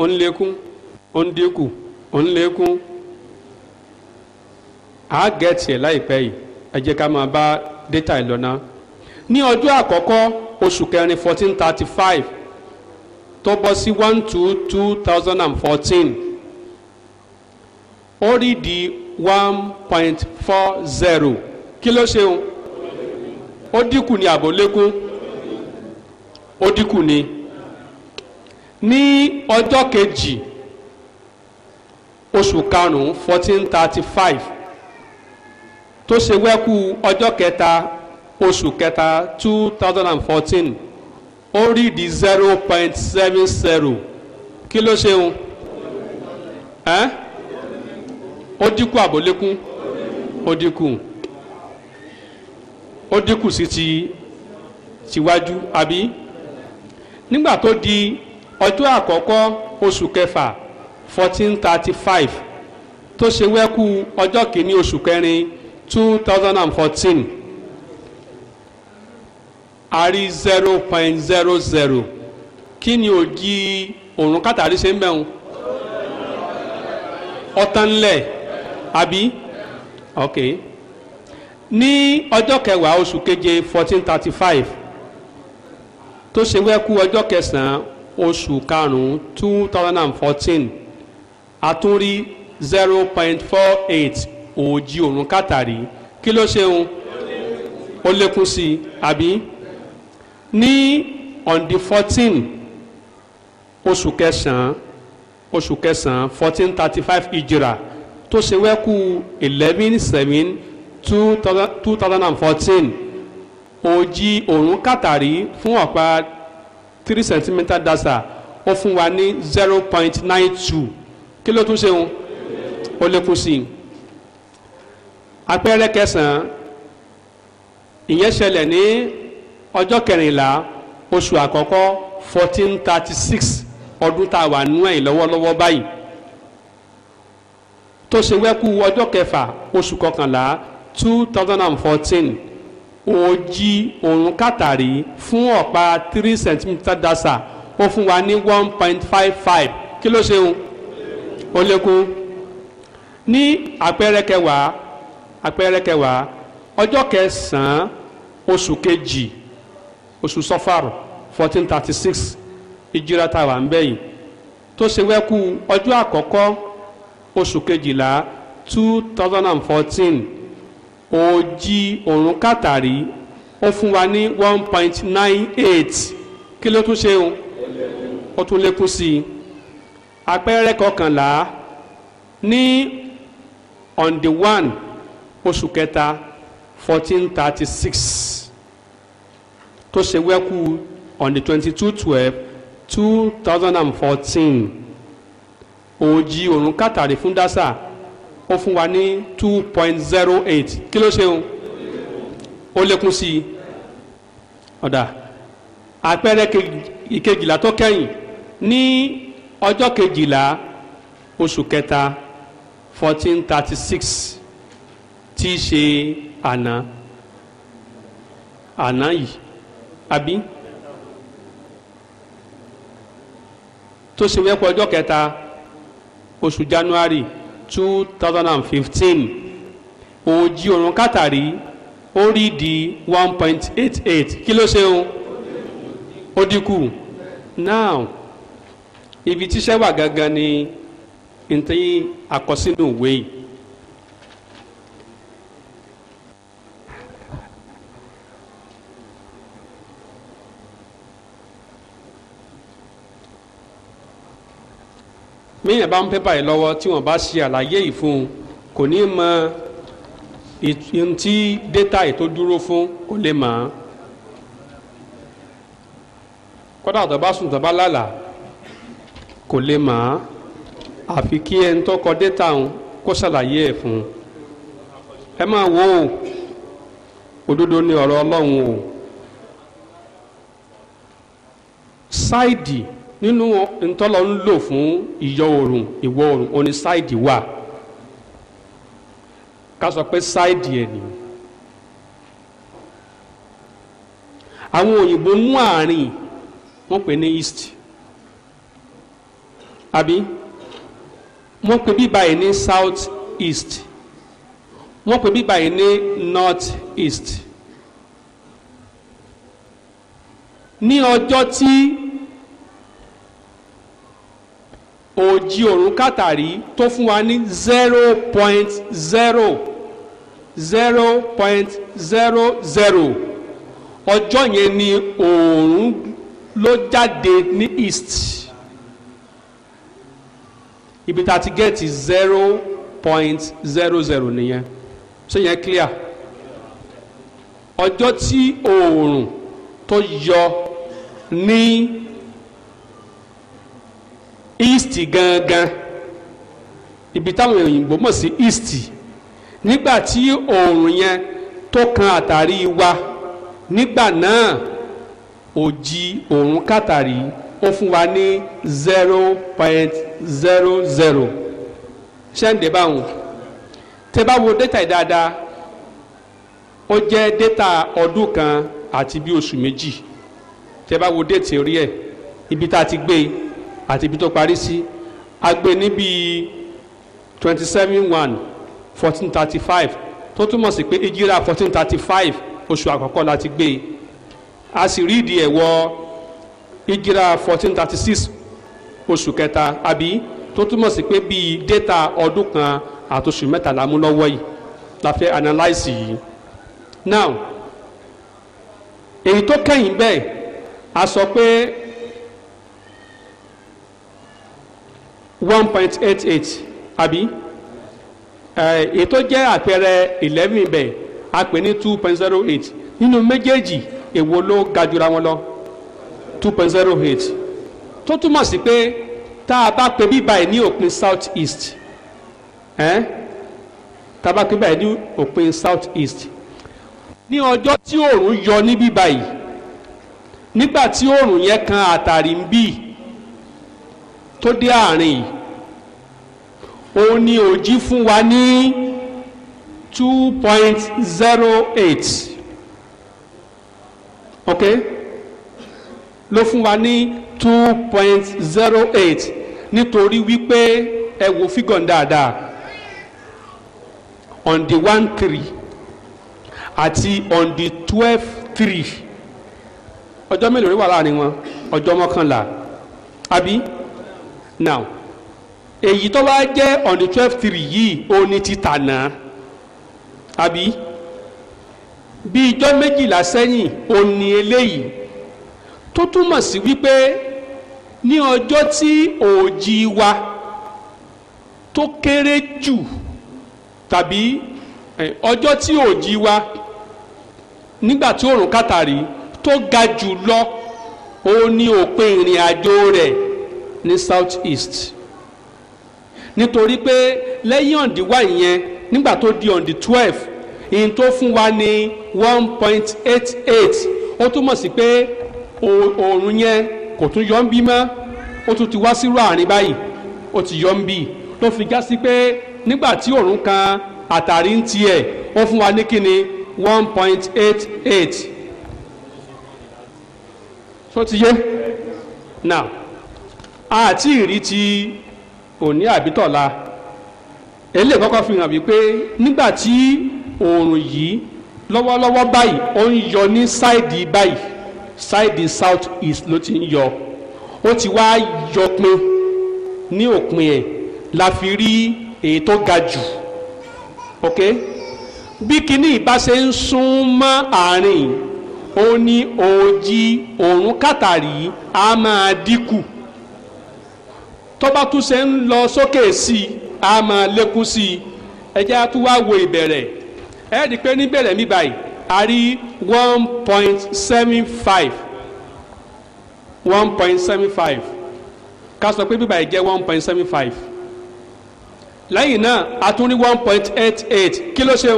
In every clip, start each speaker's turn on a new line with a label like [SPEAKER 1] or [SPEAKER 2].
[SPEAKER 1] ó ń lékún ó ń dínkù ó ń lékún àá gẹ̀ẹ́tì ẹ̀ yìí ẹ ká máa bá data ẹ̀ lọ́nà ní ọjọ́ àkọ́kọ́ oṣù kẹrin fourteen thirty five tó bọ́ sí one two two thousand and fourteen ó rí di one point four zero kí ló ṣe ó dínkù ní àbólékún ó dínkù ní. ní ọjọ́ kejì oṣù karùn-ún fourteen thirty five tó ṣe wẹ́kú ọjọ́ kẹta oṣù kẹta two thousand and fourteen ó rí di zero point seven zero ti tiwájú àbí nígbà di. ọjọ́ àkọ́kọ́ oṣù kẹfà fourteen thirty five tó ṣe wẹ́kú ọjọ́ oṣù kẹrin two thousand and fourteen àrí zero point zero zero kí ni òjì òrùn kàtàrí ṣe ń bẹ̀rù ọ̀tánlẹ̀ oṣù keje fourteen thirty five tó ṣe wẹ́kú kẹsàn-án oṣù karùn-ún two thousand and fourteen àtúrí zero point four eight òòjì òrùn kàtàrí kí ló ṣe ó lékún sí i àbí ní on the fourteen oṣù kẹsàn-án oṣù kẹsàn-án fourteen thirty five ìjìrà tó ṣe wẹ́kú eleven seven two thousand and fourteen òjì òrùn kàtàrí fún ọ̀pá three centimeter dasa ó fún wa ní zero point nine two kí ló tún ṣe ń ó lékún sí i àpẹẹrẹ kẹsàn-án ìyẹn ṣẹlẹ̀ ní ọjọ́ kẹrìnlá oṣù àkọ́kọ́ fourteen thirty six ọdún tá a wà nú ẹ̀yìn lọ́wọ́lọ́wọ́ báyìí tó ṣe wẹ́kú ọjọ́ kẹfà oṣù kọkànlá two thousand and fourteen òòjì òrùn kàtàrí fún ọ̀pá three centimeter dasa ó fún wa ní one point five five kí ló ṣe o ó lékún ní àpẹẹrẹ kẹwàá àpẹẹrẹ kẹwàá ọjọ́ kẹsàn-án oṣù kejì oṣù sọfàrù fourteen thirty six ìjírà táwa ń bẹ̀yìn tó ṣe wẹ́kú ọjọ́ àkọ́kọ́ oṣù kejìlá two thousand and fourteen òòjì òrùn kàtàrí ó fún wa ní one point nine eight kí ló tún ṣe ó tún lékún sí i àpẹẹrẹ kọkànlá ní on the one oṣù kẹta fourteen thirty six tó ṣe wẹ́kú on the twenty two twelve two thousand and fourteen òòjì òrùn kàtàrí fún dásà ó fún wa ní two point zero eight kí ló ṣe ń ó lékún sí i ọ̀dà àpẹẹrẹ ìkejìlá tó kẹ́yìn ní ọjọ́ kejìlá oṣù kẹta fourteen thirty six tí í ṣe àná àná yìí àbí tó ṣe wẹ́pọ̀ ọjọ́ kẹta oṣù January 2015, thousand and fifteen òòjì òrùn kàtàrí ó rí di one kí ló ṣe ó dínkù now ibi tíṣẹ́ wà gangan ni ntẹ́yìn àkọsínú ìwé míyàn bá ń pépà yìí lọ́wọ́ tí wọ́n bá ṣe àlàyé yìí fún un kò ní mọ tí data yìí tó dúró fún kò lè mọ̀ ọ́n kódà tó bá sùn tó bá lálàá kò lè mọ̀ ọ́n àfi kí ẹni tó kọ data òun kó ṣàlàyé ẹ̀ fún un ẹ máa wo òdodo ni ọ̀rọ̀ ọlọ́run o ṣáìdì nínú ntọ́lọ́ ń lò fún ìyọ oòrùn ìwọ oòrùn oní sáìdì wà ká sọ pé sáìdì ẹ̀ nìyí. àwọn òyìnbó mú àárín wọ́n pè ní east àbí wọ́n pè bí báyìí ní south east wọ́n pè bí báyìí ní north east ní ọjọ́ tí. òjì òrùn kàtàrí tó fún wa ní zero point zero zero point zero zero ọjọ́ yẹn ni òòrùn ló jáde ní east ibi tá a ti gẹ́ẹ̀tì zero point zero zero nìyẹn ṣé yẹn clear ọjọ́ tí òòrùn tó yọ ní east gangan ibi táwọn òyìnbó mọ̀ sí east nígbà tí oòrùn yẹn tó kan àtàrí wa nígbà náà òjì oòrùn kàtàrí ó fún wa ní zero point zero zero ṣẹ́ǹdẹ̀ báwọn tẹ́ bá wo data yìí dáadáa ó jẹ́ data ọdún kan àti bí oṣù méjì tẹ́ bá wo déètì orí ẹ̀ ibi tá a ti gbé e àti ibi tó parí sí agbe níbi twenty seven one fourteen thirty five tó túmọ̀ sí pé ìjírà fourteen thirty five oṣù àkọ́kọ́ láti gbé e a sì rí ìdí ẹ̀ wọ ìjírà fourteen thirty six oṣù kẹta àbí tó túmọ̀ sí pé bíi data ọdún kan àtòṣù mẹ́ta la mú lọ́wọ́ yìí la fẹ́ analyse yìí now èyí tó kẹ́yìn bẹ́ẹ̀ a sọ pé one point eight eight àbí èyí jẹ́ àpẹẹrẹ eleven bẹ̀ a pè ní two point zero eight nínú méjèèjì èwo ló ga jura wọn lọ two point zero eight tó túmọ̀ sí pé tá a bá pe bíbá ẹ̀ ní òpin south east eh? tá a bá pe bíbá ẹ̀ ní òpin south east ní ọjọ́ tí oòrùn yọ ní bíbá yìí nígbà tí oòrùn yẹn kan àtàrí ń bíi tó dé àárín òun ni òjì fún wa ní two point zero eight ok ló fún wa ní two point zero eight nítorí wípé ẹ wo fígàn dáadáa on the one three àti on the twelve three ọjọ́ mélòó wà láàrin wọn ọjọ́ mọ́kànlá àbí now èyí tó wá jẹ́ on the twelve three yìí ó ní títà náà àbí bí ijọ́ méjìlá sẹ́yìn ó ní eléyìí tó túmọ̀ sí wípé ní ọjọ́ tí òòjì wa tó kéré jù tàbí ọjọ́ tí òòjì wa nígbà tí òòrùn kàtàrí tó ga jù lọ ó ní òpin ìrìn àjò rẹ̀ ní south east nítorí pé lẹ́yìn ọ̀ǹdíwá ìyẹn nígbà tó di ọ̀ǹdí twelve ìyẹn tó fún wa ní one point eight eight ó túmọ̀ sí pé oòrùn yẹn kò tún yọ ń bí mọ́ ó tún ti wá sírú àárín báyìí ó ti yọ ń bí tó fi já sí pé nígbà tí oòrùn kan àtàrí ń tiẹ̀ ó fún wa ní kíni one point eight eight so ti yé now àti ìrí ti òní àbítọ̀la eléyìí kọ́kọ́ fi hàn wípé nígbà tí oòrùn yìí lọ́wọ́lọ́wọ́ báyìí ó ń yọ ní sáìdì báyìí sáìdì south east ló ti ń yọ ó ti wá yọpin ní òpin ẹ̀ la fi rí èyí tó ga jù ok bí kinní ìbá ṣe ń sún mọ́ àárín ó ní òjì òòrùn kàtàrí á máa dínkù tọ́ba tún ṣe ń lọ sókè sí i a máa lékún sí i ẹjẹ́ a tún wá wo ìbẹ̀rẹ̀ ẹ rí i pé níbẹ̀rẹ̀ mi báyìí a rí one point seven five one point seven five ká sọ pé bíbáyìí jẹ́ one point seven five lẹ́yìn náà a tún rí one point eight eight kí ló ṣe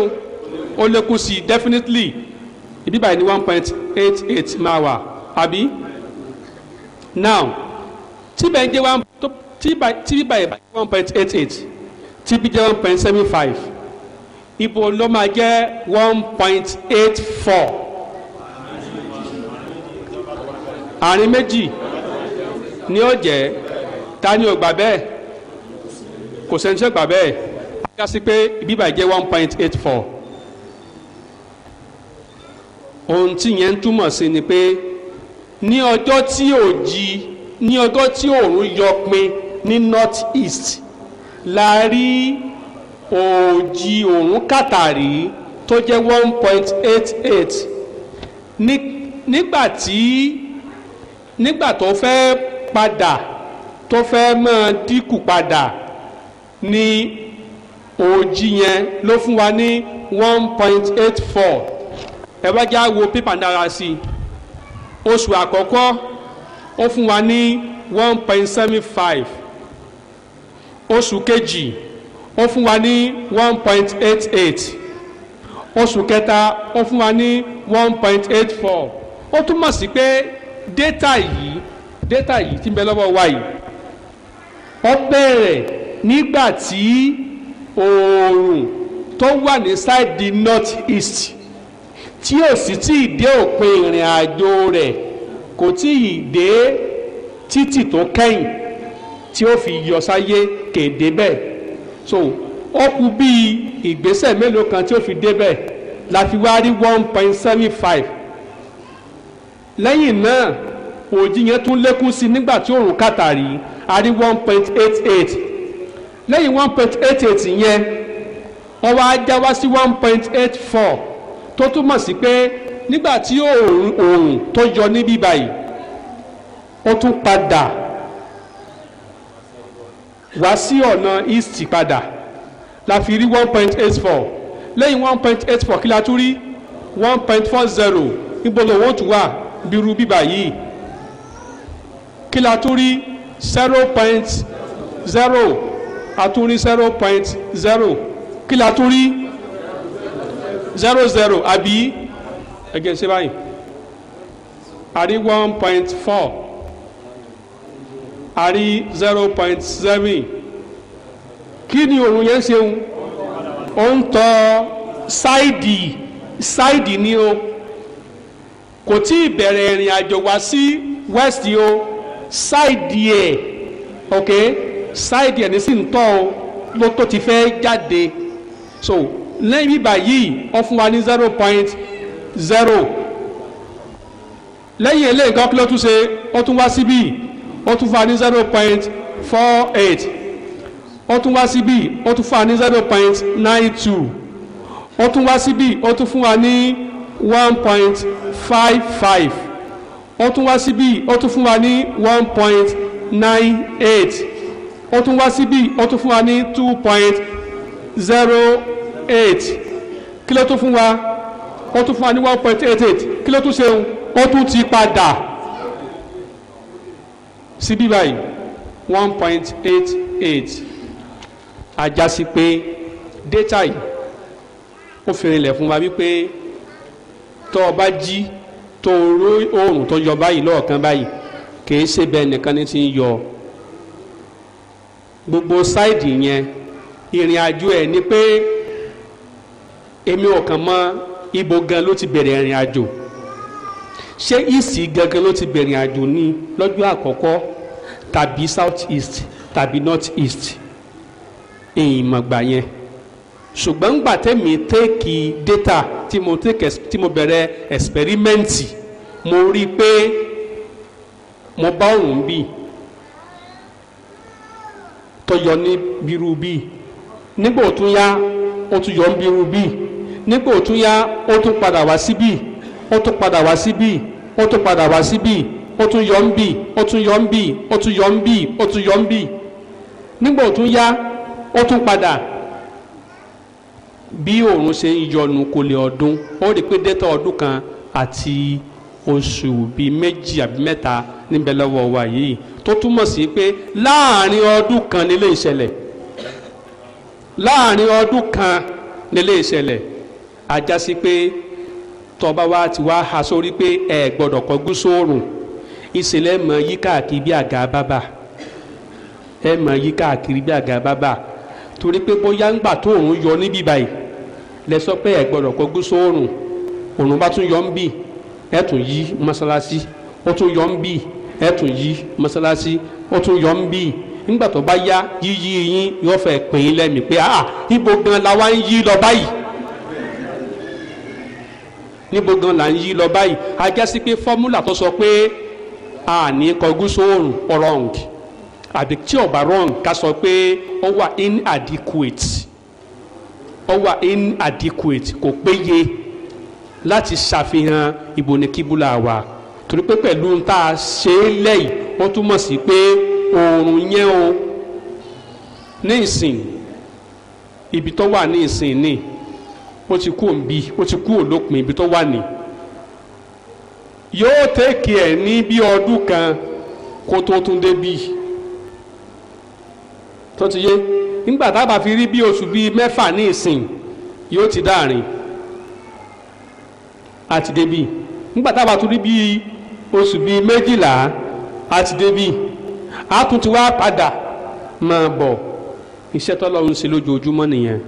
[SPEAKER 1] ó lékún sí i definitely ìbíbáyìí ní one point eight eight máa wà àbí now tí bẹ́ẹ̀ jẹ́ one tí bíbá yẹn bá one point eight eight tí bí jẹ́ one point seven five ibo ló máa jẹ́ one point eight four àárín méjì ni ó jẹ́ ta ni ò gbà bẹ́ẹ̀ kò sẹ́ni tí ó gbà bẹ́ẹ̀ ká sí pé bíbá jẹ́ one point eight four ohun tí yẹn ń túmọ̀ sí ni pé ní ọjọ́ tí òjì ní ọjọ́ tí òòrùn yọ pin ní north east la rí òòjì òòrùn kàtàrí tó jẹ́ one point eight eight nígbà tí nígbà tó fẹ́ padà tó fẹ́ máa dínkù padà ní òòjì yẹn ló fún wa ní one point eight four ẹ wá já wo pépà dára sí i oṣù àkọ́kọ́ ó fún wa ní one point seven five oṣù kejì ó fún wa ní one point eight eight oṣù kẹta ó fún wa ní one point eight four ó túmọ̀ sí pé data yìí data yìí tí bẹ lọ́wọ́ wa yìí ó bẹ̀rẹ̀ nígbà tí oòrùn tó wà ní side the north east tí ò sì tí ì dé òpin ìrìn àjò rẹ̀ kò tí ì dé títì tó kẹ́yìn tí ó fi yọ sáyé kéde bẹ́ẹ̀ so ó kù bíi ìgbésẹ̀ mélòó kan tí ó fi dé bẹ́ẹ̀ láti wá rí one point seven five lẹ́yìn náà òjì yẹn tún lékún sí nígbà tí òòrùn kàtàrí a rí one point eight eight lẹ́yìn one point eight eight yẹn wọ́n wá já wá sí one point eight four tó túmọ̀ sí pé nígbà tí òòrùn tó yọ níbí báyìí ó tún padà wá sí ọ̀nà east padà la fi rí one point eight four lẹ́yìn one point eight four kí la tún rí one point four zero níbo lòun ó tún wà bírú bíbà yìí kí la tún rí zero point zero a tún rí zero point zero kí la tún rí zero zero àbí ẹgẹ ṣe báyìí a rí one point four a rí zero point seven kí ni òun yẹn ṣe ń ó ń tọ ṣáìdì ṣáìdì ni o kò tí ì bẹ̀rẹ̀ ìrìn àjò wá sí west o ṣáìdì ẹ̀ ok ṣáìdì ẹ̀ ní sì ń tọ́ o ló tó ti fẹ́ jáde so lẹ́yìn bíbá yìí wọ́n fún wa ní zero point zero lẹ́yìn eléyìí kan kí ló tún ṣe ó tún wá síbí. Si ó tún fa ní zero point four eight ó tún wá síbí ó tún fa ní zero point nine two ó tún wá síbí ó tún fún wa ní one point five five ó tún wá síbí ó tún fún wa ní one point nine eight ó tún wá síbí ó tún fún wa ní two point zero eight kí ló tún fún wa ó tún fún wa ní one point eight eight kí ló tún ṣe ó tún ti padà sí bí báyìí one point eight eight àjàsí pé data yìí ó fi rinlẹ̀ fún wa wípé tó o bá jí tó o ró oòrùn tó yọ báyìí lọ́ọ̀kan báyìí kìí ṣe bẹ́ẹ̀ nìkan ní ti ń yọ gbogbo sáìdì yẹn ìrìn àjò ẹ̀ ni pé èmi ò kàn mọ ibo gan ló ti bẹ̀rẹ̀ ìrìn àjò ṣé east gangan ló ti bẹ̀rẹ̀ àjò ní lọ́jọ́ àkọ́kọ́ tàbí south east tàbí north east èyìn mọ̀gbà yẹn ṣùgbọ́n ńgbà tẹ́mi tẹ́ẹ̀kì data tí mo tẹ́ẹ̀kì tí mo bẹ̀rẹ̀ ẹ̀sipẹ́rímẹ́ǹtì mo rí i pé mo bá òun bì tó yọ ní bírú bì nígbà òtún yá ó tún yọ ń bírú bì nígbà òtún yá ó tún padà wá síbì ó tún padà wá síbì. Si ó tún padà wá síbí ó tún yọ ń bì ó tún yọ ń bì ó tún yọ ń bì ó tún yọ ń bì nígbà òtún yá ó tún padà bí òòrùn ṣe ń yọnu kò lè ọdún ó rí i pé dẹ́tà ọdún kan àti oṣù bíi méjì àbí mẹ́ta níbẹ̀ lọ́wọ́ wa yìí tó túmọ̀ sí pé láàrin ọdún kan nílé ìṣẹ̀lẹ̀ láàrin ọdún kan nílé ìṣẹ̀lẹ̀ ajá sí pé tọba wa ti wá ha sórí pé ẹ gbọ́dọ̀ kọjú sóòrùn ìṣẹ̀lẹ̀ mọ yí káàkiri bí àga bábà ẹ mọ yí káàkiri bí àga bábà torí pé bóyá ń gbà tó òun yọ níbí báyìí lẹ sọ pé ẹ gbọ́dọ̀ kọjú sóòrùn òun bá tún yọ ń bì ẹ tún yí mọ́sálásí ó tún yọ ń bì ẹ tún yí mọ́sálásí ó tún yọ ń bì nígbà tó bá yá yíyí yín yóò fẹ́ pín in lẹ́mìí pé ah ibo gan la wá ń yí lọ báyìí níbo gan là ń yí lọ báyìí a jẹ́ sí pé fọ́múlà tó sọ pé a ní kọjú sóòrùn wrong àbí tí ó bá wrong ká sọ pé ó wà inadequate ó wà inadequate kò péye láti ṣàfihàn ibo wa torí pé pẹ̀lú tá a ṣe é lẹ́yìn ó túmọ̀ sí pé oòrùn yẹn o ní ìsìn ibi tó wà ní ìsìn ni. Ìsìn, ó ti kú òǹbí ó ti kú òlópin ibi tó wà ní yóò tẹ́kì ẹ̀ ní bí ọdún kan kó tó tún dé bí tó ti yé nígbà tá a bá fi rí bí oṣù bíi mẹ́fà ní ìsìn yóò ti dáàrin àti débì nígbà tá tún rí bí oṣù bíi méjìlá àti débì a tún ti wá padà máa bọ̀ iṣẹ́ tọ́lọ́run ṣe lójoojúmọ́ nìyẹn.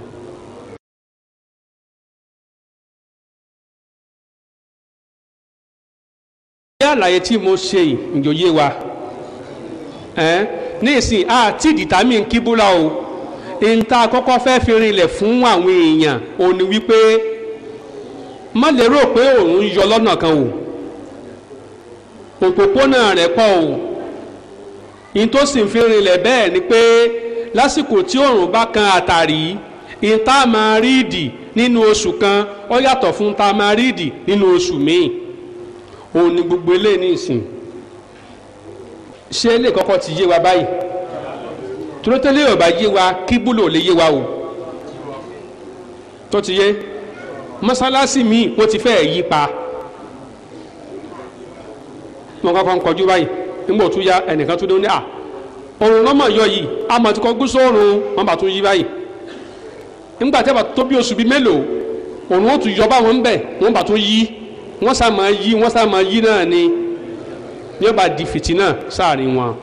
[SPEAKER 1] àlàyé tí mo ṣe yìí ǹjọ́ yé wa ní ìsìn àti ìdìtámì kíbúlà o ìta kọ́kọ́ fẹ́ fi rinlẹ̀ fún àwọn èèyàn ó ní wípé má lérò pé òun yọ lọ́nà kan o òpópónà rẹ̀ pọ̀ o in sì fi rinlẹ̀ bẹ́ẹ̀ ni pé lásìkò tí òòrùn bá kan àtàrí in máa ríìdì nínú oṣù kan ó yàtọ̀ fún tá máa ríìdì nínú oṣù míì òun ni gbogbo eléyìí ní ìsìn ṣé lè kọ́kọ́ ti yé wa báyìí tòlótẹ́lẹ̀ ò yé wa kíbúlò lè yé wa o tó ti yé mọ́sálásí mi ó ti fẹ́ẹ̀ yí pa wọn kọ́kọ́ ń kọjú báyìí nígbà tó ya ẹnìkan tó dé ní à òrùn lọ́mọ yọ yìí àmọ́ ti kọ́ gúúsù òrùn wọn bá tún yí báyìí nígbà tí a bá tó bí oṣù bíi mélòó òrùn ó tún yọ báwọn ń bẹ̀ wọn bá tún yí wọ́n sá máa yí wọ́n sá máa yí náà ni ní ọba di fìtínà sáàrin wọn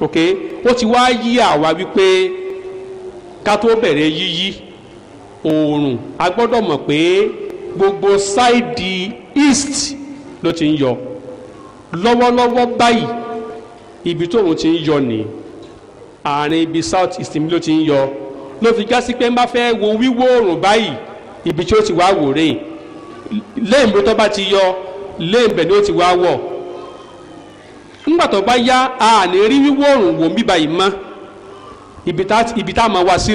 [SPEAKER 1] ok ó ti wá yí àwa wípé ká tó bẹ̀rẹ̀ yíyí oòrùn a gbọ́dọ̀ mọ̀ pé gbogbo sáìdì east ló ti ń yọ lọ́wọ́lọ́wọ́ báyìí ibi tóun ti ń yọ ni àárín ibi south east ló ti ń yọ ló fi gá sí pé ń bá fẹ́ wo wíwọ̀ oòrùn báyìí ibi tí ó ti wá wò rèé léèmbó tó bá ti yọ léèmbẹ̀ ni ó ti wá wọ̀ ńgbà bá yá a ní rí wíwọ̀ òrùn wò ń bíbá yìí mọ́ ibi tá a máa wá sí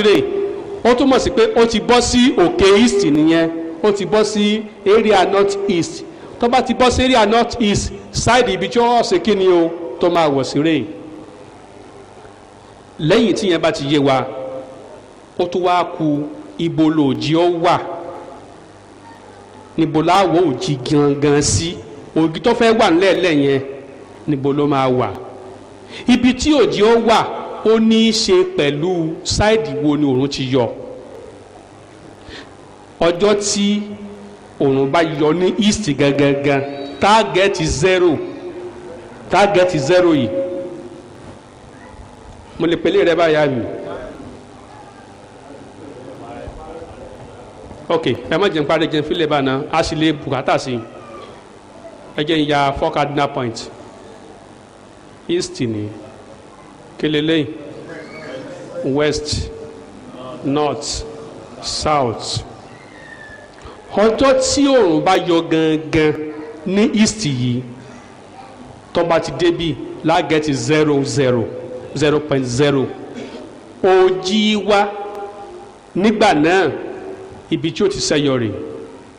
[SPEAKER 1] ó túmọ̀ sí pé ó ti bọ́ sí òkè east nìyẹn ó ti bọ́ sí area north east tó bá ti bọ́ sí area north east side ibi tí wọ́n ṣe kí ni o tó máa wọ̀ sí rè lẹ́yìn tí bá ti yé wa ó tún wá ku ibo lòjì ó wà níbo láwọ̀ òjì gangan sí ògì tó fẹ́ wà ńlẹ̀ẹ́lẹ̀ yẹn níbo ló máa wà ibi tí òjì ó wà ó ní í ṣe pẹ̀lú sáìdì wo ni òòrùn ti yọ ọjọ́ tí òòrùn bá yọ ní east gangan táàgẹ́tì zero táàgẹ́tì zero yìí mo lè pèlè rẹ báyà mi. ok ẹ má jẹun parí jẹun fílẹ̀ báyìí náà a sì lè bùkátà sí i ẹ jẹ́ ń ya four cardinal points east ni kelele west north south ọjọ́ tí oòrùn bá yọ gangan ní east yìí tó bá ti débí lágẹ̀tì zero zero zero point zero òjì wa nígbà náà ibi tí ó ti ṣẹ́yọ rè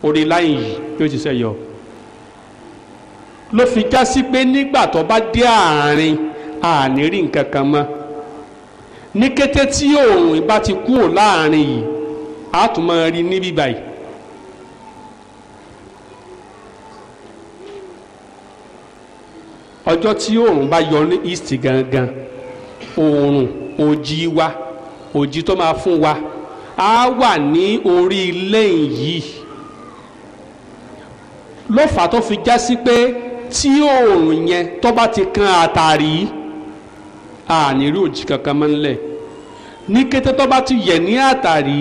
[SPEAKER 1] orí láyìn yìí tí ó ti ṣẹ́yọ ló fi já sí pé nígbà tó bá dé àárín àní rí nǹkan kan mọ́ ní kété tí òòrùn bá ti kúrò láàrin yìí a tún máa rí níbí báyìí ọjọ́ tí òòrùn bá yọ ní east gangan òòrùn òjì wa òjì tó máa fún wa á wà ní orí lẹ́yìn yìí ló fà tó fi já sí pé tí oòrùn yẹn tó bá ti kan àtàrí àníru òjì kankan mọ́ ńlẹ̀ ní kété tó bá ti yẹ̀ ní àtàrí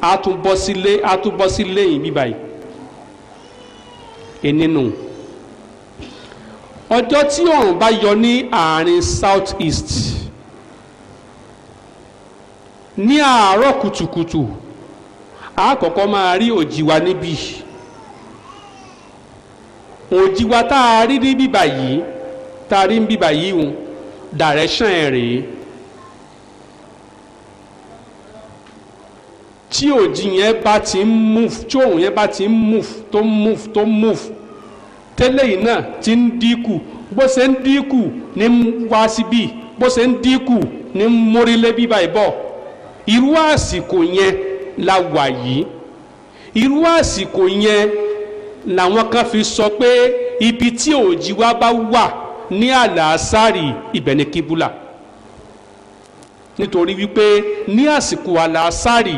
[SPEAKER 1] a tún bọ́ sílé a tún bọ́ sílé yìí bí báyìí ọjọ́ tí oòrùn bá yọ ní àárín south east ní àárọ̀ kùtùkùtù a kọ́kọ́ máa rí òjìwa níbí òjìwa tá a rí ní bíbà yìí tá a rí ní bíbà yìí ń dàrẹ́sàn ẹ̀ rèé tí òjì yẹn bá ti ń move tí òun yẹn bá ti ń move tó ń move tó ń move tẹ́lẹ̀ yìí náà ti ń dínkù bó ṣe ń dínkù ní wá síbí bó ṣe ń dínkù ní mórílé bíbá ìbọ̀. irú àsìkò yẹn la wà yìí irú àsìkò yẹn làwọn kan fi sọ pé ibi tí òjì wa bá wà ní àlàásárì ibẹ̀ ni kíbúlà nítorí wípé ní àsìkò àlàásárì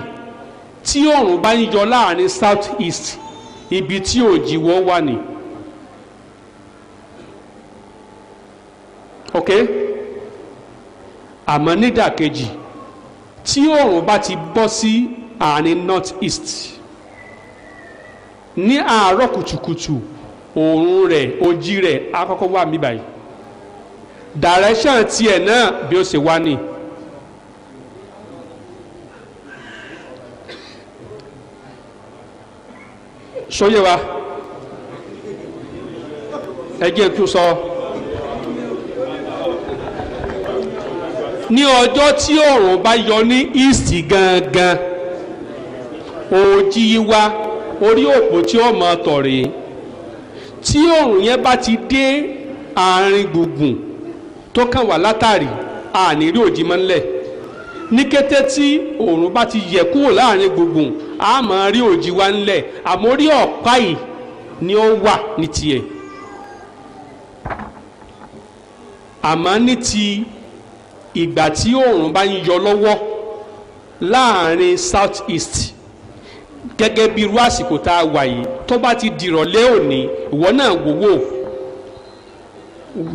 [SPEAKER 1] tí òòrùn bá ń yọ láàrin south east ibi tí òjì wọ́ wà ní. ok àmọ́ nídàkejì. tí oòrùn bá ti bọ́ sí àárín north east ní àárọ̀ kùtùkùtù oòrùn rẹ̀ ojí rẹ̀ á kọ́kọ́ wà mí báyìí direction tiẹ̀ náà bí ó ṣe wá ní. sóyè wa ẹ jẹ́ kí o sọ. So, ní ọjọ́ tí ọ̀run bá yọ ní east gangan òjì wa orí òpó tí ó máa tọ̀ rèé tí ọ̀run yẹn bá ti dé àárín gbùngbùn tó kàn wá látàrí àníírí òjì máa ń lẹ̀ ní kété tí ọ̀run bá ti yẹ kúrò láàárín gbùngbùn a máa rí òjì wa ńlẹ̀ àmọ́ orí ọ̀pá yìí ni ó wà ní tiẹ̀ àmọ́ ní ti ìgbà tí oòrùn bá ń yọ lọ́wọ́ láàrin south east gẹ́gẹ́ bí irú àsìkò tá a wà yìí tó bá ti dìrọ̀lẹ́ òní ìwọ náà wò wò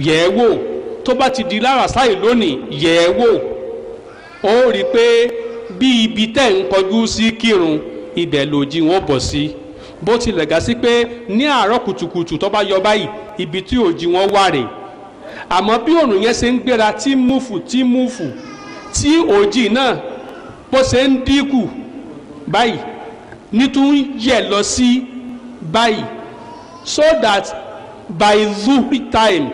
[SPEAKER 1] yẹ̀ ẹ́ wò tó bá ti di lára sáyé lónìí yẹ̀ ẹ́ wò ó rí i pé bí ibi tẹ́ ń kọjú sí kírun ibẹ̀ lòjì wọn bọ̀ sí bó tilẹ̀ gà sí pé ní àárọ̀ kùtùkùtù tó bá yọ báyìí ibi tí òjì wọn wà rèé àmọ́ bí òòrùn yẹn ṣe ń gbéra tí múfù tí múfù tí òjì náà bó ṣe ń dínkù báyìí nítún yẹ̀ lọ sí báyìí so that by zuri time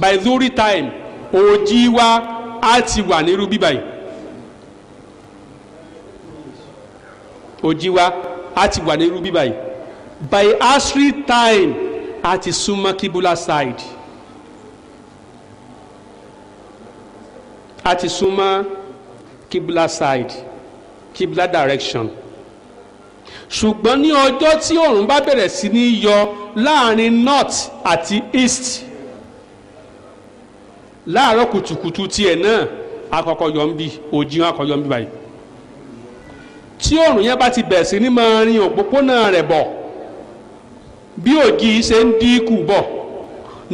[SPEAKER 1] by zuri time òjì wa á ti wà nírú bíbáyìí òjì wa á ti wà nírú bíbáyìí by asri time a ti súnmọ́ side. a ti súnmọ́ kibla side kibla direction ṣùgbọ́n ní ọjọ́ tí oòrùn bá bẹ̀rẹ̀ sí ní yọ láàrin north àti east láàárọ̀ kùtùkùtù tiẹ̀ náà àkọ́kọ́ yọ ń bì òjì wọn àkọ́kọ́ yọ ń bì báyìí tí oòrùn yẹn bá ti bẹ̀rẹ̀ sí ní máa rin òpópónà rẹ̀ bọ̀ bí òjì ṣe ń dínkù bọ̀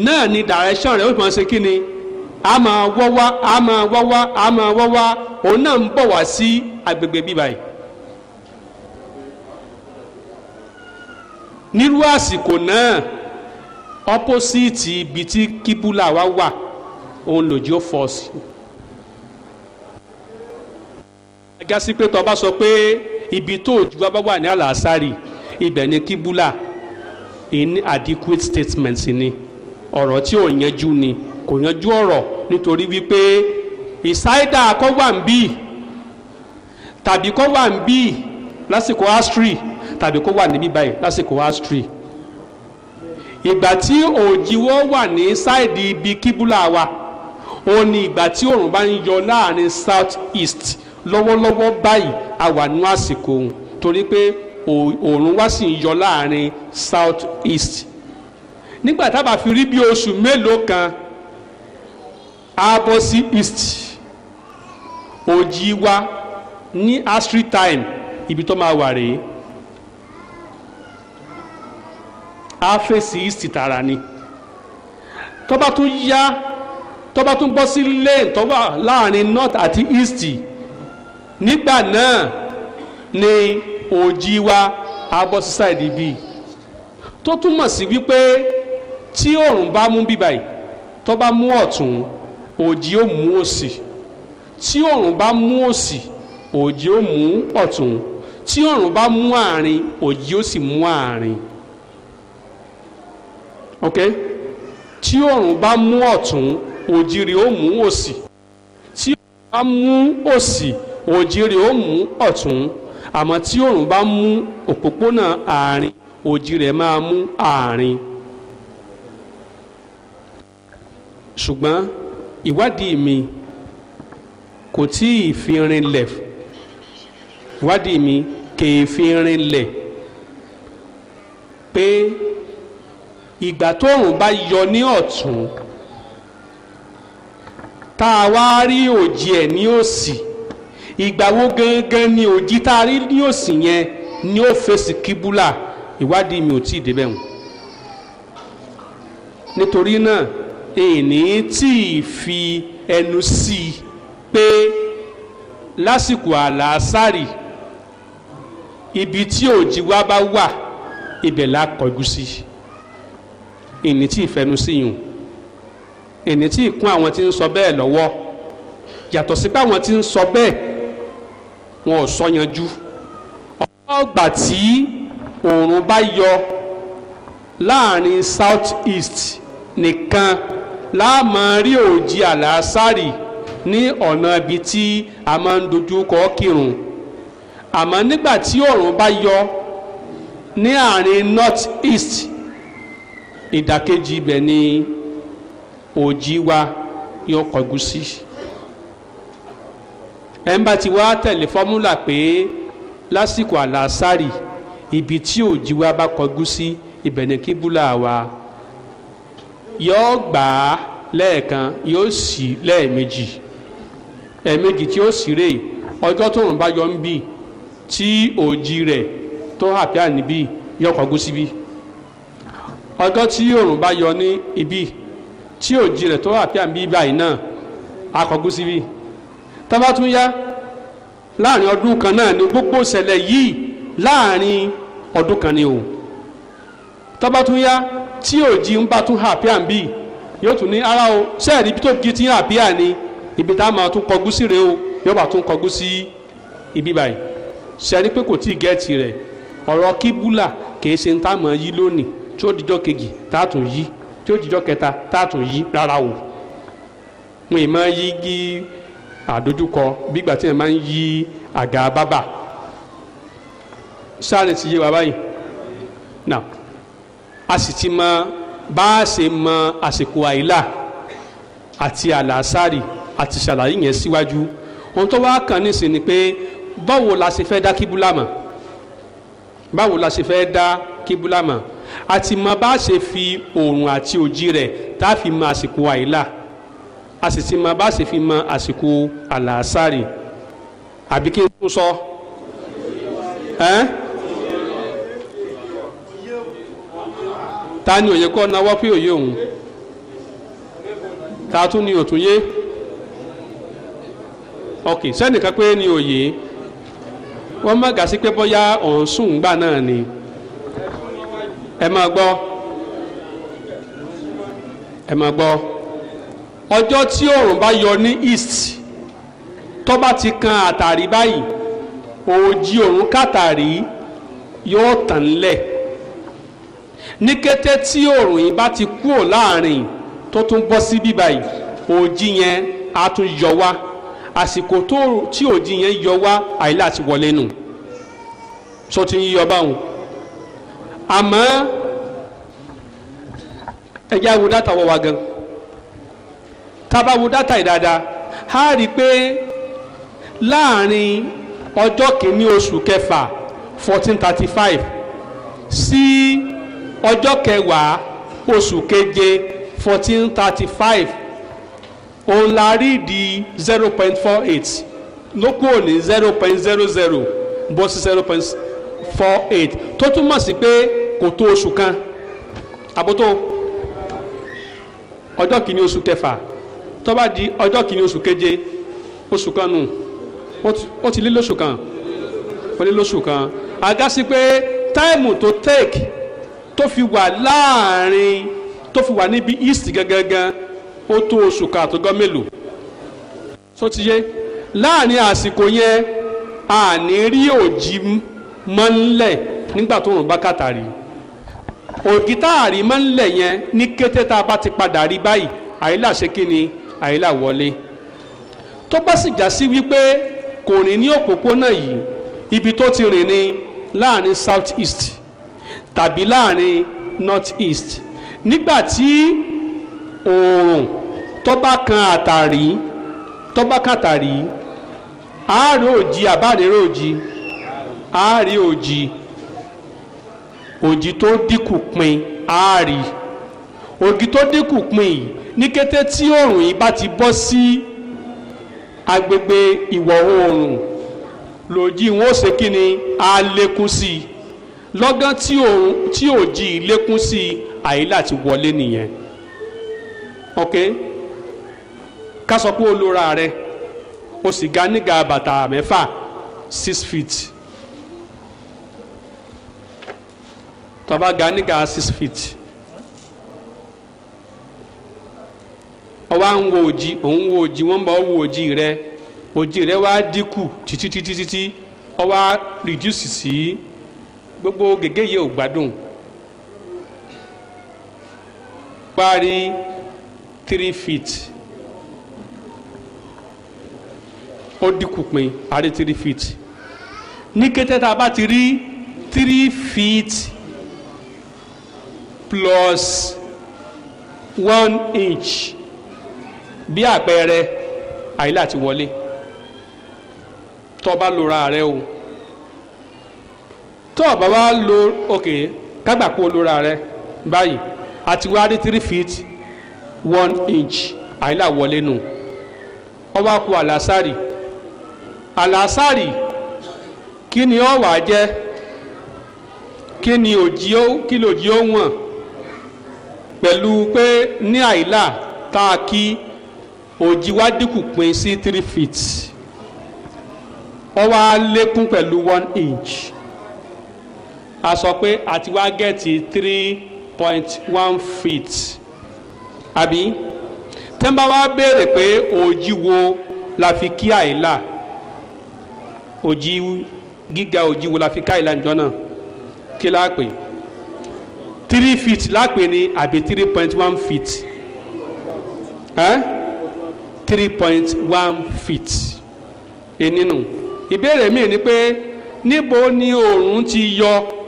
[SPEAKER 1] náà ni direction rẹ̀ ó fi máa ṣe kí ni a máa wọ́wá a máa wọ́wá a máa wọ́wá òun náà ń bọ̀ wá sí agbègbè bíbá yìí. nírú àsìkò náà ọ́pọ́sìtì ibi tí kíbúlà wa wà òun lòdì ó fọ́ sí. agasi pé tó sọ pé ibi tó ojú bá wà ní àlàásárì ibẹ̀ ni kíbúlà in adequate statement ni ọ̀rọ̀ tí ò yanjú ni kò yanjú ọ̀rọ̀ nítorí wípé ìsáídà kọ́ wà ń bí tàbí kọ́ wà ń bí lásìkò astri tàbí kọ́ wà níbí báyìí lásìkò astri ìgbà tí òjìwọ́ wà ní sáìdì ibi kíbúlà wa ó ní ìgbà tí òòrùn bá ń yọ láàrin south east lọ́wọ́lọ́wọ́ báyìí a wà nú àsìkò òun torí pé òòrùn wá sì ń yọ láàrin south east nígbà tá a bá fi rí bí oṣù mélòó kan a east òjì wa ní asri time ibi tó máa wà rèé a east tààrà ni tó bá tún yá tó bá tún bọ́ sí lane tó wà láàrin north àti east nígbà náà ni òjì wa a bọ́ sí side bíi tó túmọ̀ sí wípé tí òòrùn bá mú bíbáyìí tó bá mú ọ̀tún ojii ó mú òsì tí òrùn bá mú òsì ojii ó mú ọ̀tún tí òrùn bá mú àárín ojii ó sì mú àárín ok tí òrùn bá mú ọ̀tún ó mú òsì tí òrùn bá mú òsì ó mú ọ̀tún àmọ́ tí òrùn bá mú òpópónà àárín máa mú àárín ṣùgbọ́n ìwádìí mi kò tí ì fi rinlẹ̀ ìwádìí mi kì í fi rinlẹ̀ pé ìgbà tóòrùn bá yọ ní ọ̀tún tá a wá rí òjì ẹ̀ ní òsì ìgbà wo gangan ni òjì tá a rí ní òsì yẹn ni ó fèsì kíbúlà ìwádìí mi ò tí ì débẹ̀ wọn nítorí náà èní tí ì fi ẹnu sí i pé lásìkò àlàásàrì ibi tí òjì wa bá wà ibẹ̀ la kọjú sí èní tí ì fẹnu sí yùn èní tí ì kún àwọn tí ń sọ bẹ́ẹ̀ lọ́wọ́ yàtọ̀ sí pé àwọn tí ń sọ bẹ́ẹ̀ wọn ò sọ yanjú ọgbà tí oòrùn bá yọ láàrin south east nìkan láàmú rí òjì àlàásárì ní ọ̀nà ibi tí a máa ń dojú kọ kírun àmọ́ nígbà tí òòrùn bá yọ ní àárín north east ìdàkejì ibẹ̀ ni òjì wa yóò kọjú sí ẹ̀ ń bá ti wá tẹ̀lé fọ́múlà pé lásìkò àlàásárì ibi tí òjì wa bá kọjú sí ibẹ̀ ni kíbúlà wa yóò gbà á lẹ́ẹ̀kan yóò sì lẹ́ẹ̀mejì ẹ̀ẹ̀mejì tí ó sì rè ọjọ́ tó rùn bá yọ ń bì tí òjì rẹ̀ tó hàpíà níbí yóò kọgún síbí ọjọ́ tí òrùn bá yọ ní ibí tí òjì rẹ̀ tó hàpíà níbí báyìí náà akọgún síbí tá tún yá láàrin ọdún kan náà ni gbogbo ìṣẹ̀lẹ̀ yìí láàrin ọdún kan ni o tá bá tún yá tí jí ń bá tún àpíà ń bì yóò tún ní ara o sẹ́ẹ̀rì ibi tó gi ti ni ibi tá a máa tún kọgú sí o yóò bá tún kọgú sí ibi báyìí pé kò tí ì gẹ́ẹ̀tì rẹ̀ ọ̀rọ̀ búlà kìí ṣe ń tá a máa yí lónìí tí o wọn ì máa yí gí àdójúkọ tí wọn sáré ti yé wa báyìí a sì ti mọ bá a ṣe mọ àsìkò àìlà àti àlàásárì àti ṣàlàyé yẹn síwájú ohun tó wá kàn nísìn ni pé báwo la ṣe fẹ́ dá kíbúlà mọ̀ báwo la ṣe fẹ́ dá kíbúlà mọ̀ àti mọ bá fi oòrùn àti òjì rẹ̀ tá fi mọ àsìkò àìlà a sì fi mọ àsìkò àlàásárì àbí n sọ ẹ́. Eh? ta ni òye kọ́ náwó pé òye òun ta tún ni òtún yé ok sẹ́nìkan pé ni òye wọ́n má gà sí pé bóyá òun sùn gbà náà ni ẹ máa gbọ́ ẹ máa gbọ́ ọjọ́ tí òòrùn bá yọ ní east tó bá ti kan àtàrí báyìí òòjì òòrùn kàtàrí yóò tàn lẹ̀ ní kété tí òòrùn yìí bá ti kúrò láàrin tó tún bọ́ sí bíbá yìí òjì yẹn á tún yọ wá àsìkò tí òjì yẹn yọ wá àìlà ti wọlé nù tó ti ń yọ báwọn àmọ́ ẹ̀jẹ̀ awo dátà wọ̀ wá gan tábà wo dátà yìí dáadáa á rí i pé láàrin ọjọ́ kìíní oṣù kẹfà fourteen thirty five sí ọjọ́ kẹwàá oṣù keje fourteen thirty five òun la rí di zero point four eight ló kúrò ní zero point zero zero bó sí zero point four eight tó túmọ̀ sí pé kò tó oṣù kan àbótó ọjọ́ kìíní oṣù kẹfà tó bá di ọjọ́ kìíní oṣù keje oṣù kan nù ó ti lé lóṣù kan ó lé lóṣù kan àgá sí pé táìmù tó take tó fi wà láàrin tó fi wà níbi east gangan ó tó oṣù kan àtọgọ́ mélòó tó ti yé láàrin àsìkò yẹn àní rí òjì mọ́ ńlẹ̀ nígbà tó rùn bá kàtàrí òkì tá a rí mọ́ ńlẹ̀ yẹn ní kété tá a bá ti padà rí báyìí àyílà ṣe kí ni àyílà wọlé tó bá sì já sí wípé kò rìn ní òpópónà yìí ibi tó ti rìn ní láàrin south east tàbí láàrin north east nígbà tí oòrùn tó bá kan àtàrí tó bá kan àtàrí àárí òjì àbáàríró òjì àárí òjì òjì tó dínkù pin àárí òjì tó dínkù pin yìí ní kété tí oòrùn yìí bá ti bọ́ sí agbègbè ìwọ̀ oòrùn lòjì wọn ó ṣe kí ni a lékún sí i lọ́gán tí ò tí ò jí lékún sí i àyílà ti wọlé nìyẹn ok ká sọ pé olóra rẹ o sì ga níga bàtà mẹ́fà six feet tó bá ga níga six feet ọwọ́ à ń wo òjì òun wo òjì wọ́n bá wo òjì rẹ òjì rẹ wá dínkù títí títí títí ọwọ́ à sí. Si gbogbo gègé yìí ò gbádùn parí three feet ó dínkù pin parí three feet ní kété tá a bá ti rí three feet plus one inch bí àpẹẹrẹ àyílà ti wọlé tó bá lora rẹ o tó ọ̀bá wa lo òkè kágbà kó lóra rẹ báyìí àti wá rí three feet one inch àìlà wọlé nù ọwọ́ àpò àlàsárì àlàsárì kí ni ọ wà jẹ́ kí ni òjì ó kí ni òjì ó wọ̀n pẹ̀lú pé ní àìlà tá a kí òjì wá dínkù pín sí three feet ọ wá lékún pẹ̀lú one inch a sọ pé àti wá gẹ̀ẹ́tì three point one feet àbí tẹ́ńbà wá béèrè pé òjì wo la fi kí àìlà òjì gíga òjì wo la fi kí àìlà níjọ náà kí la pè three feet la pè ní àbí three point one feet eh? three point one feet ènìyàn ìbéèrè mi ni pé níbo ni oòrùn ti yọ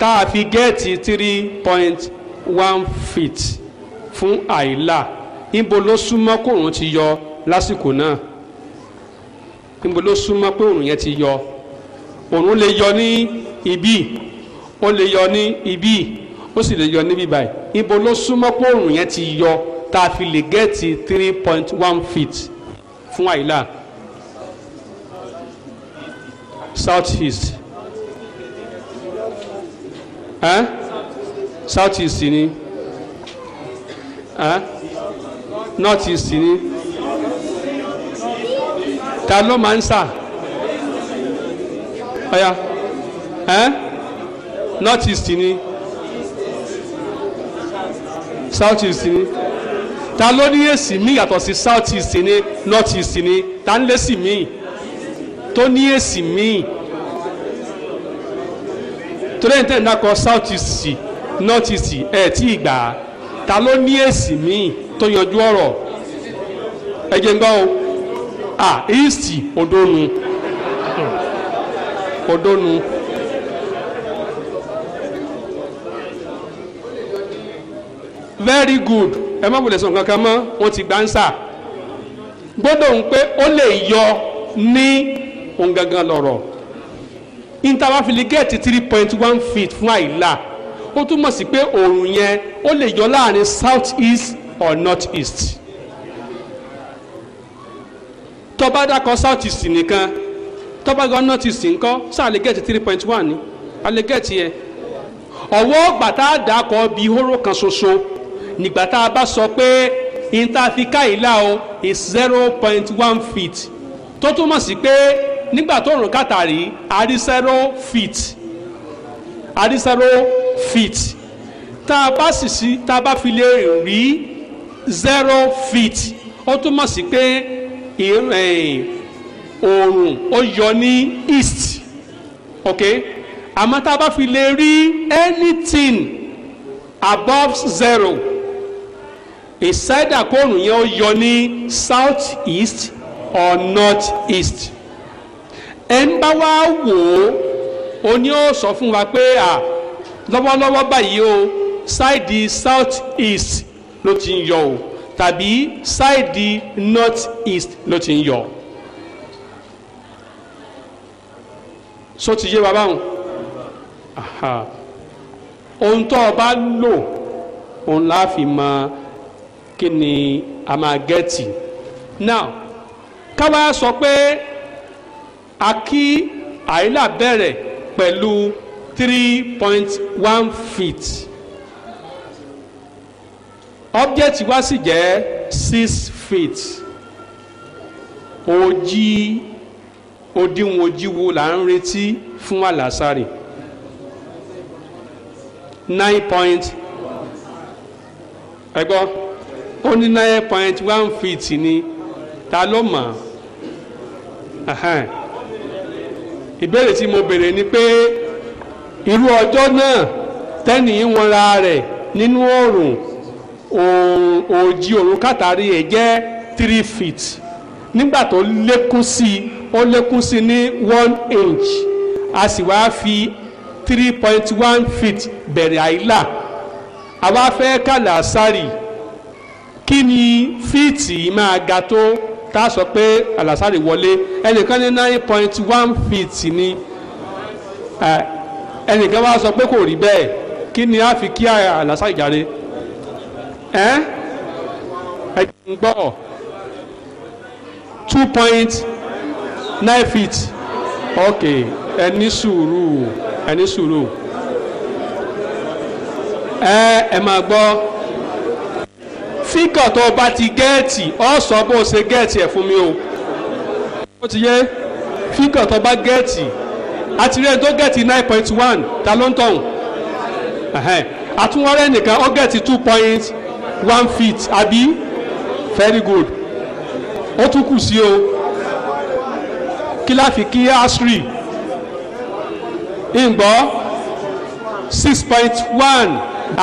[SPEAKER 1] tá a fi gẹ́ẹ̀tì three point one feet fún àìlà níbo ló súnmọ́ kóòrùn ti yọ lásìkò náà níbo ló súnmọ́ pé òòrùn yẹn ti yọ òòrùn lè yọ ní ibí ó lè yọ ní ibí ó sì lè yọ níbí báyìí níbo ló súnmọ́ pé òòrùn yẹn ti yọ tá a fi lè gẹ́ẹ̀tì three point one feet fún àìlà south east south east ni ẹ́n north east ni ta ló máa ń sà ọ̀ya ẹ́n north east ni south east ni ta ló ní èsì míì yàtọ̀ sí south east ni north east ni ta ń lé sí míì tó ní èsì torí ẹni tẹ̀ ń dákọ̀ south east north east ẹ̀ tí ì gbà á ta ló ní èsì míì tó yanjú ọ̀rọ̀ ẹ jẹ́ ń gbọ́ o ah east odonu odonu. very good ẹ má wulẹ̀ sọ̀rọ̀ kankan mọ́ wọ́n ti gbá ń sà gbọ́dọ̀ ń pé ó lè yọ ní òun gangan lọ̀rọ̀ interval gẹ́ẹ̀tì three point one feet fún àìlà ó túmọ̀ sí pé òòrùn yẹn ó lè yọ láàrin south east or north east tó bá dákọ south east nìkan tó gan north east ńkọ́ sáà lè gẹ́ẹ̀tì three point one ni a lè gẹ́ẹ̀tì yẹn ọ̀wọ́ gbàtà dàkọ̀ bíi hóró kan ṣoṣo nígbà tá a bá sọ pé interafrica ìlà o is zero point one feet tó túmọ̀ sí pé nígbà tó rùn kàtàrí àrísẹ́rò fit àrísẹ́rò fit tá a bá sì sí tá a bá fi lè rí zero fit ó túmọ̀ sí pé oòrùn eh, ó yọ ní east ok àmọ́ tá a bá fi lè rí anything above zero ìsáìdà kóòrùn yẹn ó yọ ní south east or north east ẹ ń bá wá wò ó o ní ó sọ fún wa pé à lọ́wọ́lọ́wọ́ báyìí o ṣáìdì south east ló ti ń yọ o tàbí ṣáìdì north east ló ti ń yọ. so ti yé wa báwọn ohun tó o bá lò òun la fi mọ kí ni a máa gẹ́tì now ká wá sọ pé a kí àìlà bẹ̀rẹ̀ pẹ̀lú three point one feet object wa sì jẹ́ six feet ojì òdiwọ̀n ojì wo là ń retí fún àlàsárì nine point ẹ gbọ́ ó ní nine point one feet ni ta ló mọ̀ ọ́n ìbéèrè tí mo béèrè ni pé irú ọjọ́ náà tẹ́nìí wọn ra rẹ̀ nínú oòrùn òòjì òòrùn kàtàrí ẹ̀ jẹ́ three feet nígbà tó lékún sí i ó lékún sí i ní one inch a sì wá fi three point one feet bẹ̀rẹ̀ àìlà àwa fẹ́ kàlà sárì kí ni fíìtì máa ga tó tá a sọ pé alasari wọlé ẹnìkan ní nine point one feet ni ẹnìkan wá sọ pé kò rí bẹ́ẹ̀ kí ni a fi kí alasari jáde ẹ ẹ ń gbọ́ two point nine feet ok ẹ ní sùúrù ẹ ní sùúrù ẹ ẹ máa gbọ́ fígà tó o bá ti gẹ́ẹ̀tì ọ sọ bó o ṣe gẹ́ẹ̀tì ẹ̀ fún mi o ó ti yé fígà tó o bá gẹ́ẹ̀tì àti tó gẹ́ẹ̀tì nine point one ta ló ń tọ̀hún àtúnwárẹ́ nìkan ó gẹ́ẹ̀tì two point one feet àbí very good ó tún kù sí o kí láfi kí asri ìgbọ́ six point one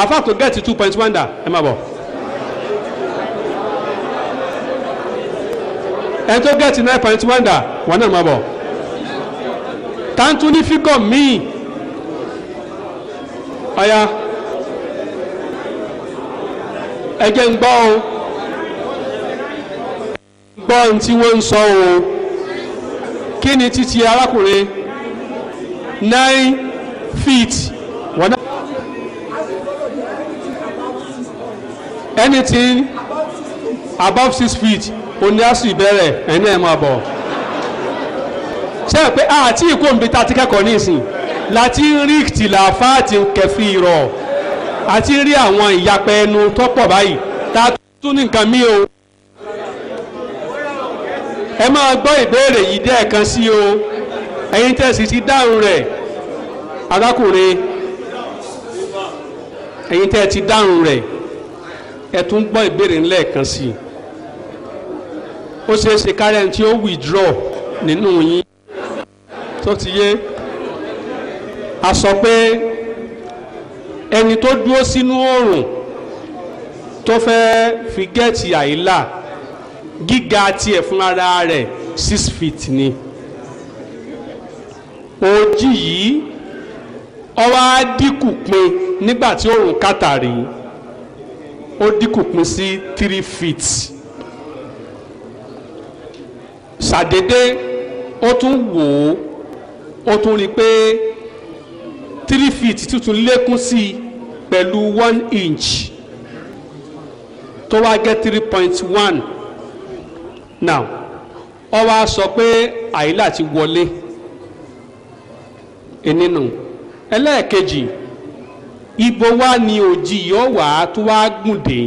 [SPEAKER 1] àfàtò gẹ́ẹ̀tì two point one dà ẹ má bọ̀. ẹni tó gẹ̀ẹ́tì nine point one dà wọn náà máa bọ̀ tàǹtù ní fígọ̀ míì ọ̀ya ẹ̀jẹ̀ ń gbọ́ o gbọ́ ohun tí wọ́n ń sọ o kí ni títí arákùnrin nine feet wọn náà anything above six feet ó ní àsù ìbẹ̀rẹ̀ ẹ̀yin náà ẹ̀ máa bọ̀ ṣe é pé àti ìkóǹbi tá a ti kẹ́kọ̀ọ́ nísìn láti rí tìlàfà àti kẹfì rọ̀ àti rí àwọn ìyapẹ ẹnu tó pọ̀ báyìí tá a tún ní nǹkan mí o ẹ máa gbọ́ ìbéèrè yìí dẹ́ẹ̀ kan sí o ẹ̀yin tẹ̀sí ti dáhùn rẹ̀ arákùnrin ẹ̀yin tẹ́ ti dáhùn rẹ̀ ẹ tún gbọ́ ìbéèrè ńlẹ̀ sí i ó ṣeé ṣe kárẹ́ni tí ó withdraw nínú yín tó ti yé a sọ pé ẹni tó dúró sínú oòrùn tó fẹ́ fi gẹ́ẹ̀tì àìlà gíga tiẹ̀ fún ara rẹ̀ six feet ni ojì yìí ọwọ́ á dínkù pin nígbà tí oòrùn kàtàrí ó dínkù pin sí three feet ṣàdédé ó tún wò ó ó tún rí i pé three feet tuntun lékún sí i pẹ̀lú one inch tó wá gẹ́ three point one now ó wá sọ pé àyílà ti wọlé ẹnìnà ẹlẹ́ẹ̀kejì ibo wá ni òjì yóò wá tó wá gùn dé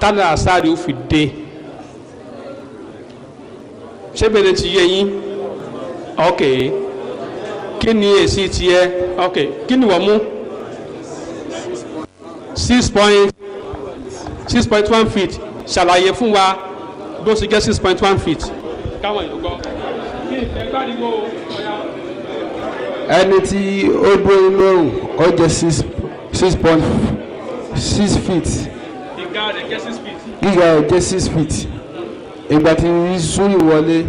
[SPEAKER 1] tálà àṣà rẹ̀ ó fi dé ṣé bèrè ti yé yín ok kí ni èsì tiẹ̀ ok kí ni wọ́n mú six point six point one feet ṣàlàyé fún wa bó ṣe jẹ́ six point one feet. káwọn ìlú gbọ́. ẹni tí ó dúró lóhùn ó jẹ́
[SPEAKER 2] six six point six feet.
[SPEAKER 1] gíga rẹ̀ six feet.
[SPEAKER 2] gíga rẹ̀ jẹ́ six feet ìgbà tí zuri wọlé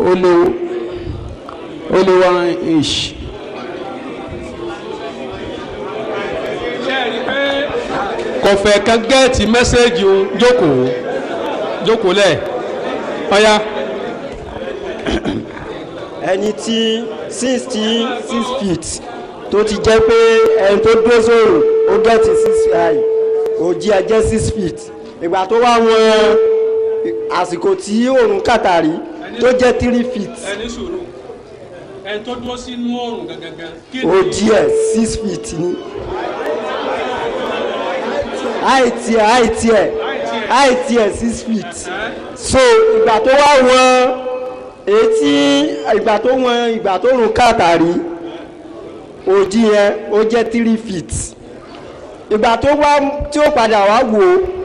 [SPEAKER 2] ó
[SPEAKER 1] lé one inch. kò fẹ́ ká gẹ́ẹ̀tì mẹ́sẹ́ẹ̀jì òun jókòó jókòó lẹ̀ ọ̀ya.
[SPEAKER 2] ẹni tí six tí six feet tó ti jẹ́ pé ẹni tó dúró sóòrùn ó gẹ́ẹ̀tì six high òjì ẹ̀jẹ̀ six feet ìgbà tó wá wọn àsìkò tí òòrùn kàtàrí tó jẹ́ three feet.
[SPEAKER 1] ẹni sùúrù ẹni tó dúró sínú òòrùn gangan.
[SPEAKER 2] ó díẹ̀ six feet ni àìtì ẹ̀ àìtì ẹ̀ àìtì ẹ̀ six feet so ìgbà tó wá wọn etí ìgbà tó wọn ìgbà tó rùn kàtàrí òdì yẹn ó jẹ́ three feet ìgbà tó wá tí ó padà wá wò ó.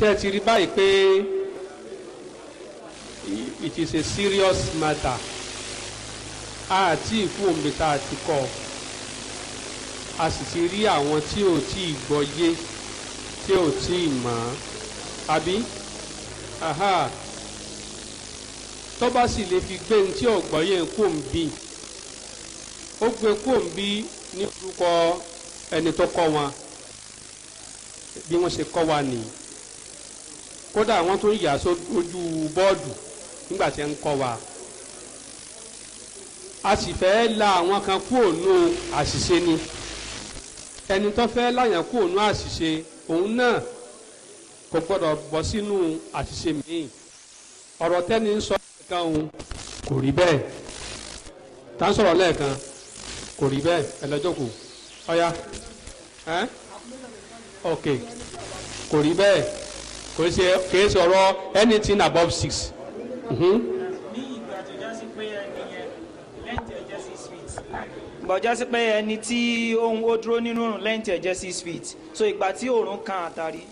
[SPEAKER 1] ṣé ẹ ti rí báyìí pé it is a serious matter àti ìkú omi tá a ti kọ́ a sì ti rí àwọn tí ò tí ì gbọ́yé tí ò tí ì mọ̀ àbí aha tó bá sì lè fi gbé ní tí ò gbọ́yé kó ń bí ó gbé kó ń ní orúkọ ẹni tó kọ́ wọn bí wọ́n ṣe kọ́ wa nìyí kódà wọ́n tún yà sójú bọ́ọ̀dù nígbà tí ń kọ́ wa a sì fẹ́ la àwọn kan kúrò nù àṣìṣe ni ẹni tó fẹ́ láyàn kúrò nù àṣìṣe òun náà kò gbọ́dọ̀ bọ́ sínú àṣìṣe míì ọ̀rọ̀ tẹ́ni ń sọ lẹ́ẹ̀kan òun kò rí bẹ́ẹ̀ tá ń sọ̀rọ̀ lẹ́ẹ̀kan kò rí bẹ́ẹ̀ ẹlẹ́jọ́kù ọ̀ya ẹ́ ok kò rí bẹ́ẹ̀ kò ṣe kò ṣe ọ̀rọ̀ anything above six. Mm-hmm.
[SPEAKER 2] ní ìgbà tó já sí pé ẹni yẹn lẹ́yìn tí ẹ feet. ó dúró nínú òrùn lẹ́yìn tí ẹ six feet so ìgbà tí òrùn kan àtàrí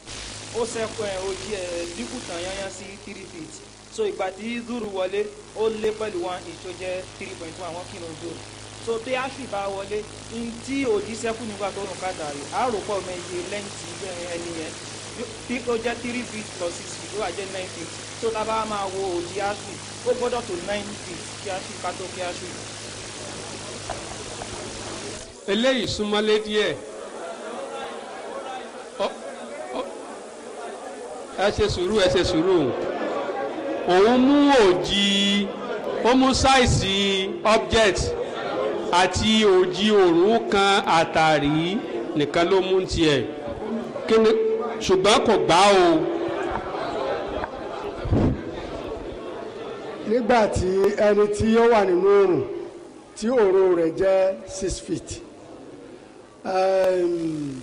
[SPEAKER 2] ó sẹ́kù ẹ̀ ó ẹ̀ dínkù tán yányán sí three feet so ìgbà tí zuru wọlé ó lé pẹ̀lú one inch jẹ́ three point one one kilo zuru so bí aṣù bá wọlé ntí òdì sẹ́kù nígbà tó rùn kàtàrí àròpọ̀ mẹ́yẹ lẹ́yìn tí ẹni yẹn ó jẹ́ three feet plus six feet ó wà jẹ́ nine feet tó tá a bá máa wo òdì aṣù ó gbọ́dọ̀ tó nine feet kí aṣù ká tó kí aṣù.
[SPEAKER 1] eléyìí súnmọ́lé díẹ̀ ẹ ṣe sùúrù ẹ ṣe sùúrù òun mú òjì ó mú sáìsì object àti òjì òrùn kan àtàrí nìkan ló mú tiẹ̀ kí ni ṣùgbọ́n kò gbà o. nígbà tí ẹni tí ó wà nínú oòrùn tí òró rẹ̀ jẹ́ six feet ehm,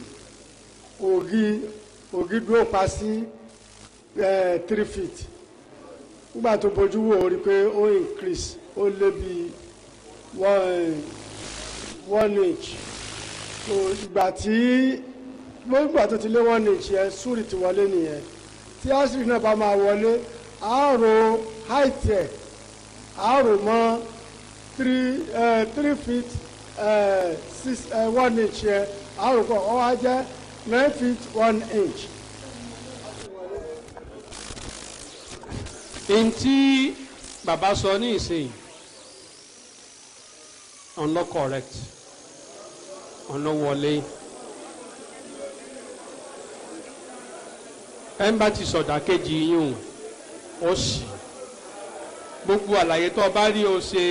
[SPEAKER 1] ògì ògì dúró pa sí eh, three feet nígbà tó bójú wò ó rí pé ó increase ó lé bí one inch ìgbà tí mo ń gbà tó ti lé wọ́n ní ìṣe súrì ti wọlé nìyẹn tí asiri náà bá máa wọlé àárò height ẹ̀ àárò mọ́ three three feet six one inch ẹ̀ àárò kan ó wá jẹ́ nine feet one inch. ntí bàbá sọ ní ìsìn ọ̀nà correct ọ̀nà wọlé. No ẹnba ti sọ̀dà kejì yín ó sì gbogbo àlàyé tó o bá rí o ṣe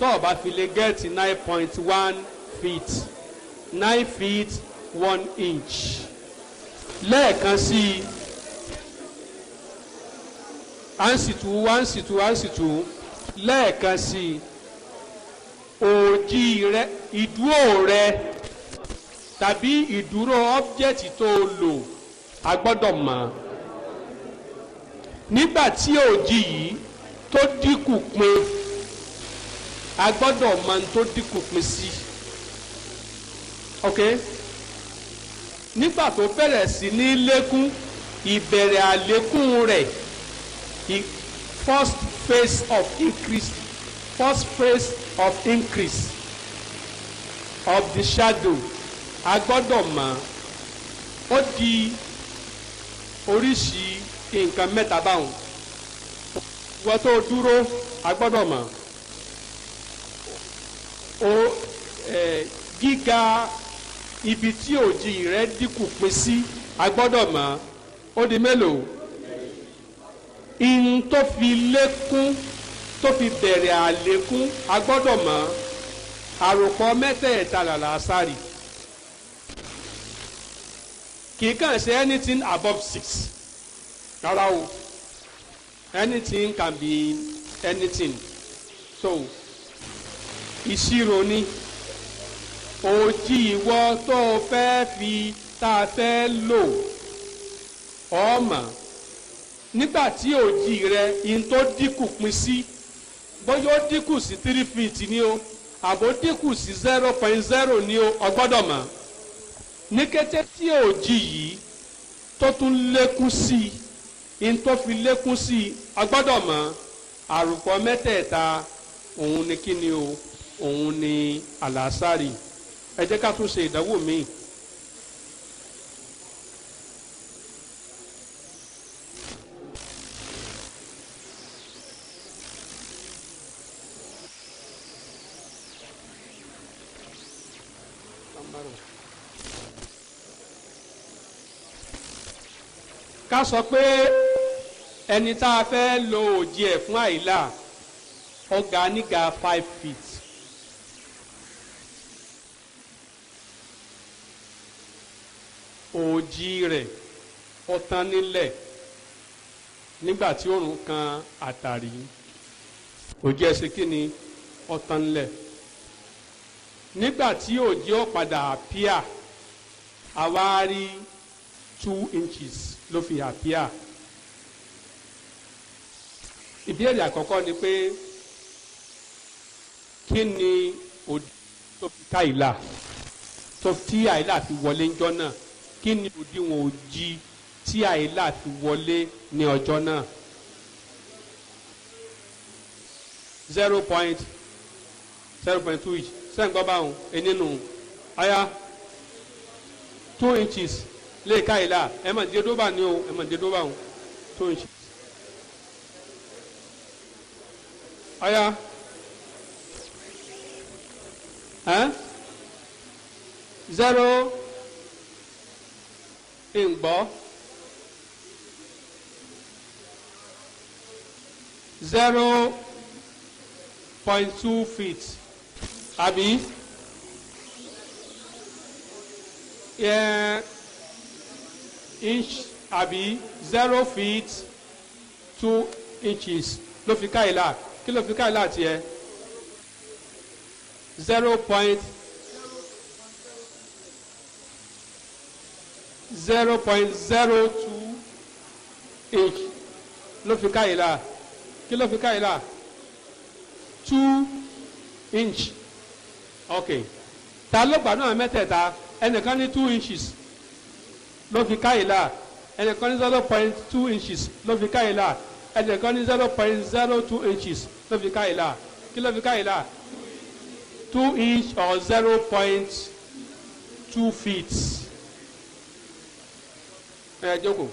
[SPEAKER 1] tó o bá fi lè gẹ́ẹ̀tì nine point one feet nine feet one inch lẹ́ẹ̀kan sí i ansitu ansitu ansitu lẹ́ẹ̀kan sí i òjì rẹ ìdúró rẹ tàbí ìdúró ọ́bjẹ́tì tó o lò a gbọ́dọ̀ mọ̀ nígbà tí òjì yìí tó dínkù pin a gbọ́dọ̀ mọ̀ tó dínkù pin sí ok nígbà tó bẹ̀rẹ̀ sí ní lékún ìbẹ̀rẹ̀ àlékún rẹ̀ first phase of increase first phase of increase of the shadow a gbọ́dọ̀ ó di oríṣi nǹkan mẹ́ta báwọn wọ́n tó dúró a gbọ́dọ̀ mọ̀ o gíga ibi tí òjì rẹ̀ dínkù pín sí a mọ̀ ó di mélòó ihun tó fi lékún tó fi bẹ̀rẹ̀ àlékún a mọ̀ àròpọ̀ mẹ́tẹ̀ẹ̀ta làlà sáré kì í kàn ṣe anything above six rárá o anything can be anything so ìṣirò ni òjì ìwọ tó o fẹ́ fi tá a fẹ́ lò ọmọ nígbà tí òjì rẹ in tó dínkù pín sí bóyá ó dínkù sí three feet ni o àbó dínkù sí zero point zero ni o o mọ̀ ní kété tí òjì yìí tó tún lékún sí i ní tó fi lékún sí i agbọ́dọ̀ mọ̀ àrùkọ mẹ́tẹ̀ẹ̀ta òun ni kíni o òun ni àlàásárì ẹ jẹ́ ká tún ṣe ìdánwò míì. ká sọ pé ẹni tá a fẹ́ lo òjì ẹ̀ fún àìlà ọ̀gá níga five feet òjì rẹ̀ ọ̀tán nílẹ̀ nígbà tí òòrùn kan àtàrí òjì ẹ̀ ṣe kí ni ọ̀tán nílẹ̀ nígbà tí òjì ó padà píà àwa rí two inches ló fi àpíà ìbéèrè àkọ́kọ́ ni pé kí ni òdi tó fi ká ìlà tó tí àìlà fi wọlé ńjọ́ náà kí ni òdiwọ̀n òjì tí àìlà fi wọlé ní ọjọ́ náà zero point zero point two inch sẹ́ǹgbọ́n báwọn ẹni nù ayá two inches léèka yìí la ẹ mà dé dóbà ni o ẹ mà dé dóbà o tó ń ṣe. ọ̀ya ẹ́ zero ìgbọ́ zero point two feet àbí. Yeah inch àbí zero feet two inches ló fi ká ìlà kí ló fi ká ìlà tiẹ̀ zero point zero point zero two inch ló fi ká ìlà kí ló fi ká ìlà two inch ok ta ló gbà náà mẹ́tẹ̀ẹ̀ta ẹnìkan ní two inches ló fi ká ìlà ẹnìkan ní zero point two inches ló fi ká ìlà ẹnìkan ní zero point zero two inches ló fi ká ìlà kí ló fi ká ìlà two inch or zero point two feet ẹ jókòó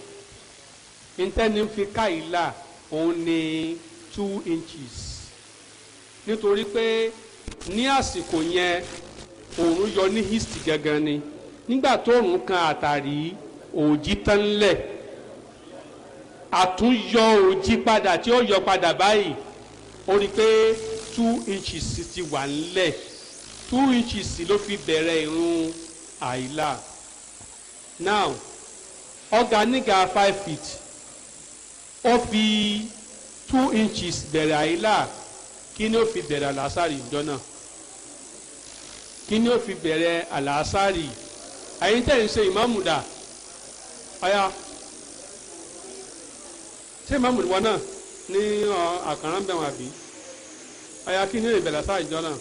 [SPEAKER 1] ntẹ́ni fi ká ìlà òun ni two inches nítorí pé ní àsìkò yẹn òòrùn yọ ní east gangan ni nígbà tó òòrùn kan àtàrí òjì tán lẹ̀ àtúnyọ òjì padà tí ó yọ padà báyìí ó rí i pé two inches ti wà ńlẹ̀ two inches ló fi bẹ̀rẹ̀ irun àìlà now ọ̀gánígà five feet ó fi two inches bẹ̀rẹ̀ àìlà kí ni ó fi bẹ̀rẹ̀ àlàásàrì ìjọ náà kí ni ó fi bẹ̀rẹ̀ àlàásàrì àyíntẹ́ ń ṣe ìmáàmù ọ̀yà ṣé màmú ìwọ náà ní àkàrà ń bẹ̀ wọn àbí ọ̀yà kí ni ìbẹ̀lẹ̀ sáà ìjọ náà.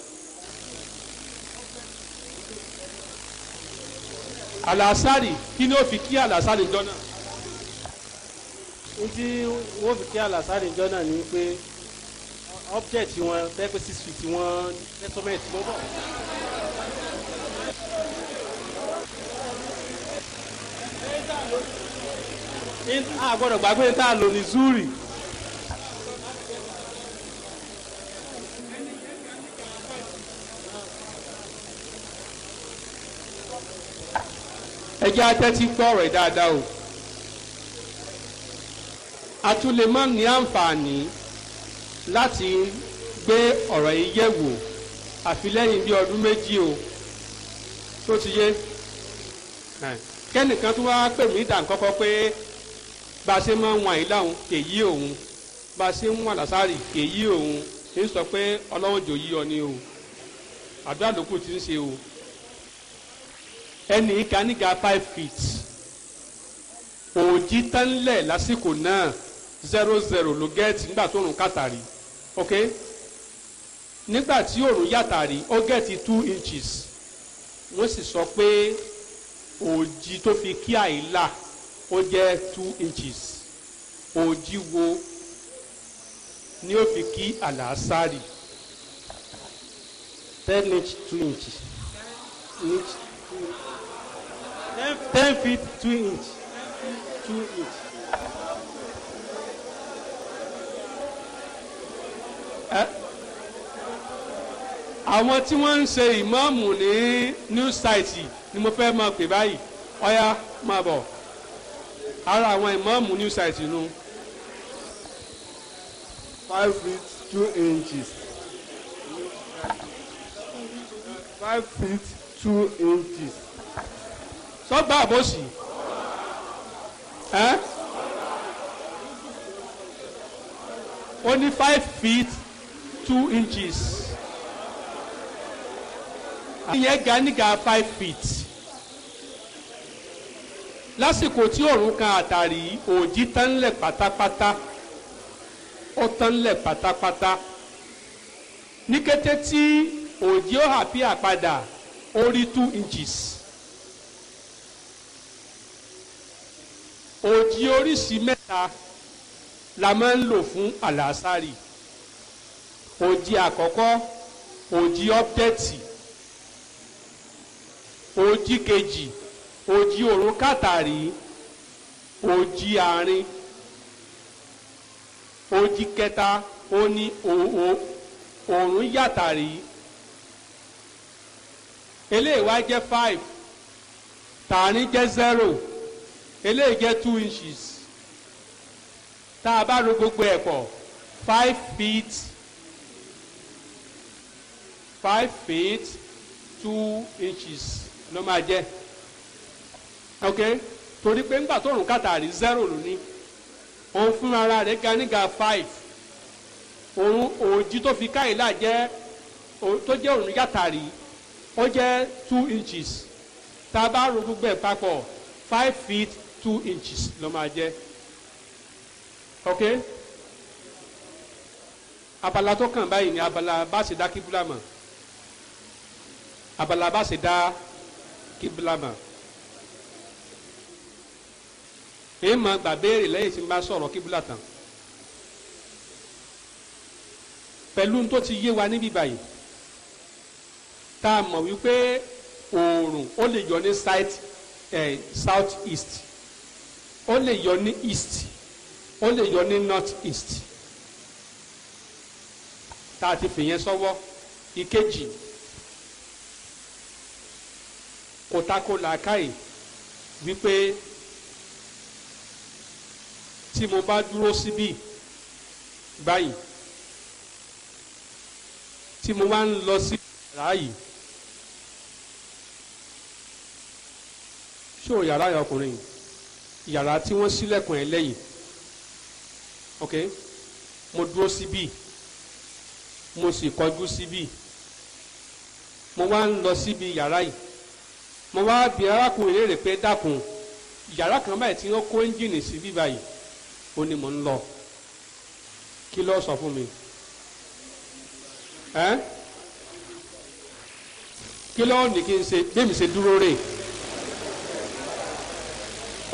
[SPEAKER 1] àlàsárì kí ni ó fi kí àlàsárì ìjọ náà. ní tí wọ́n fi kí àlàsárì ìjọ náà ni pé object wọn fẹ́ pé six feet wọn measurement lọ́bọ̀. a gbọ́dọ̀ gbàgbé tá a lò ní zuri. ẹ atẹ́tí gbọ́ ọ̀rọ̀ dáadáa o a tún lè má ní àǹfààní láti gbé ọ̀rọ̀ yìí yẹ̀ wò àfi lẹ́yìn bí ọdún méjì o tó ti yé. Nice. kẹ́nìkan tó wáá pè mí dà kọ́kọ́ pé bá a ṣe máa ń wọn àyílá òun kè yí òun bá a ṣe ń wọn àlásárì kè yí òun ń sọ pé ọlọ́wọ́n jò yí ọ ni o àdúrà lókù ti ń ṣe o ẹnì kan níga five feet òjì tánlẹ̀ lásìkò náà zero zero ló gẹ́ẹ̀tì nígbà tó rùn kàtàrí ok nígbà tí òrùn yàtàrí ó gẹ́ẹ̀tì two inches wọ́n sì sọ pé. òjì tó fi kí àìlà ó jẹ́ two inches òjì wo ni ó fi kí àlàásárì ten inch two inches inch two ten feet two inch two inch. àwọn tí wọ́n ń ṣe ìmáàmù ní new site yìí ni mo fẹ́ máa pè báyìí ọ̀yá máa bọ̀ ara àwọn ìmọ̀ọ́mù new site nù. five feet two inches five feet two inches. sọ́gbà àbòsì. ẹ́ ó ní five feet two inches. ìyẹn ga níga five feet lásìkò tí òòrùn kan àtàrí òjì tán lẹ̀ pátápátá ó tán lẹ̀ pátápátá ní kété tí òjì ó hàpí àpadà ó rí two inches òjì oríṣìí mẹ́ta la máa ń lò fún àlàásárì òjì àkọ́kọ́ òjì ọ́pdẹ́tì òjì kejì òjì òrùn kàtàrí òjì àárín òjì kẹta ó ní òòrùn yàtàrí eléyìí wá jẹ́ five tààrin jẹ́ zero eléyìí jẹ́ two inches tá a bá ro gbogbo ẹ̀ pọ̀ five feet five feet two inches ló máa jẹ́ ok torí pé ńgbà tó rùn kàtàrí zero ló ní òun fún ara rẹ̀ ga níga five òun òòjì tó fi káyìlá jẹ́ tó jẹ́ òun yàtàrí ó jẹ́ two inches tá a bá ro gbogbo ẹ̀ papọ̀ five feet two inches ló máa jẹ́ ok abala tó kàn báyìí ni abala bá ṣe dá kíbúlà mọ̀ abala bá ṣe dá kíbúlà mọ̀. ema máa gbà béèrè lẹ́yìn tí n bá sọ̀rọ̀ kíbúlà tán pẹ̀lú tó ti yé wa níbí báyìí tá a mọ̀ wípé oòrùn ó lè yọ ní south eh, south east ó lè yọ ní east ó lè yọ ní north east tá a ti fìyẹn sọ́wọ́ ìkejì kò tako làákàyè wípé tí mo bá dúró síbí báyìí tí mo bá ń lọ sí yàrá yìí ṣé o yàrá yà ọkùnrin yìí yàrá tí wọ́n ṣílẹ̀kùn ẹ̀ lẹ́yìn ok mo dúró síbí mo sì kọjú síbí mo wá ń lọ síbi yàrá yìí mo wá bi arákùnrin léèrè pé dákun yàrá kan báyìí tí wọ́n kó ẹ́ńjìnì sí báyìí ó ní mò ń lọ kí ló sọ fún mi ẹ kí ló ní kí n ṣe bí mi ṣe dúró rè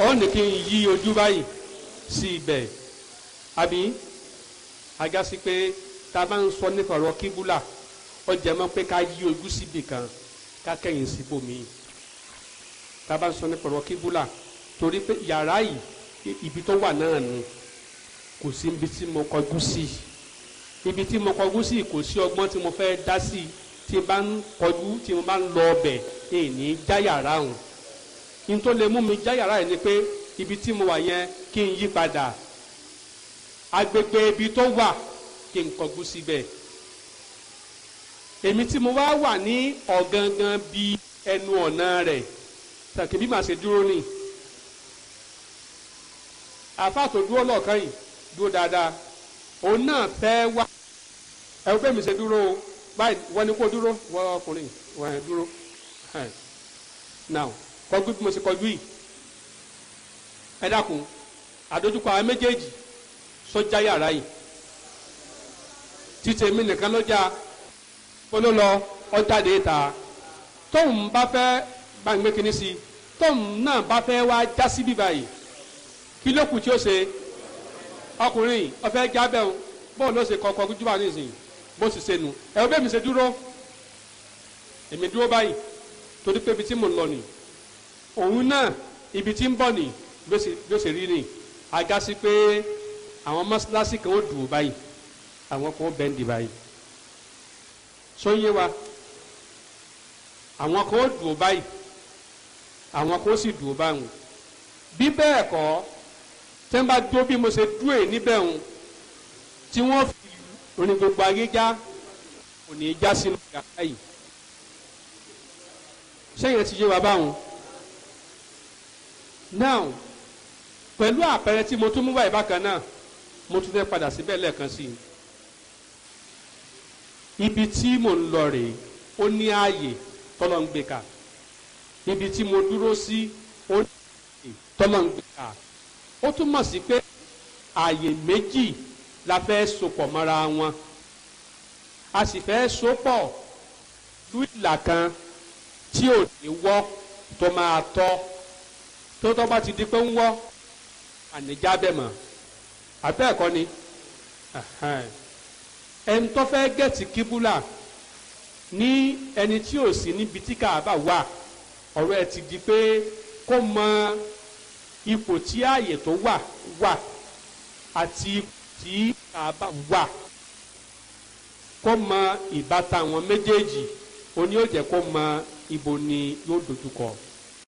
[SPEAKER 1] ó ní kí n yí ojú báyìí sí ibẹ̀ àbí agasi pé tá a bá ń sọ nípa ọ̀rọ̀ kíbúlà ó jẹ mọ́ pé ká yí ojú síbì kan ká kẹ́yìn síbòmíì tá a bá ń sọ nípa ọ̀rọ̀ kíbúlà torí pé yàrá yìí ibi tó wà náà ni kò sí ibi tí mo kọjú sí ibi tí mo kọjú sí kò sí ọgbọ́n tí mo fẹ́ dá sí tí bá ń kọjú tí mo bá ń lọ ọbẹ̀ èèní já yàrá hùn n tó lè mú mi já yàrá yẹn ni pé ibi tí mo wà yẹn kí n yí padà agbègbè ibi tó wà kí n kọjú síbẹ̀ èmi tí mo wá wà ní ọ̀gangan bíi ẹnu ọ̀nà rẹ̀ tàbí bí màá ṣe dúró nìyí. àfáà dúró lọ́ọ̀kan yìí dúró dáadáa òun náà fẹ́ wá ẹ̀rù pé mi ṣe dúró o báyìí wọ́n ní kó dúró wọ́n ọkùnrin wọ́n ẹ̀ dúró now kọjú bí mo ṣe kọjú yìí ẹ dákun àdójúkọ àwọn méjèèjì sọjá yàrá yìí títí kí ló kù tí ó ṣe ọkùnrin ọ̀fẹ́ jábẹ́ o bóun ló ṣe kọ́kọ́ júbà nísìnyí bó sì ṣe nu ẹ̀rọ bẹ́ẹ̀ mi ṣe dúró èmi dúró báyìí torí pé ibi tí mò ń lọ nì òun náà ibi tí ń bọ̀ nì bí ó ṣe rí nì aga sí pé àwọn mọ́ṣáláṣí kan ó dùn báyìí àwọn kan ó bẹ́ǹdì báyìí sóyè wa àwọn kan ó dùn báyìí àwọn kan ó sì dùn báyìí bí bẹ́ẹ̀ kọ́ tí wọ́n bá dúró bí mo ṣe dúró yìí níbẹ̀ ń tí wọ́n fi orin gbogbo ayé já kò ní í já sínú gàdá yìí sẹ́yìn ti yé wa báwọn. now pẹ̀lú àpẹẹrẹ tí mo tún mú wáyé bákan náà mo tún fẹ́ padà síbẹ̀ lẹ́ẹ̀kan sí i ibi tí mò ń lọ rèé ó ní ààyè tọ́lọ́ ibi tí mo dúró sí ó ní ààyè tọ́lọ́ ó túmọ̀ sí pé àyè méjì la fẹ́ sopọ̀ mọ́ra wọn a sì fẹ́ sopọ̀ tú ìlà kan tí ò ní wọ́ tó máa tọ́ tó tọ́ bá ti di pé ń wọ́ ànijábẹ̀ mọ́ àbẹ́ ni ẹni tó fẹ́ gẹ̀tì kíbúlà ní ẹni tí ò sí níbi tí kàábà wà ọ̀rọ̀ ẹ̀ ti di pé kó mọ ipò tí ààyè tó wà wà àti ipò tí Kaaba wà kó mọ ìbátan àwọn méjèèjì oní yóò jẹ́ kó mọ ibo ni yóò dojúkọ.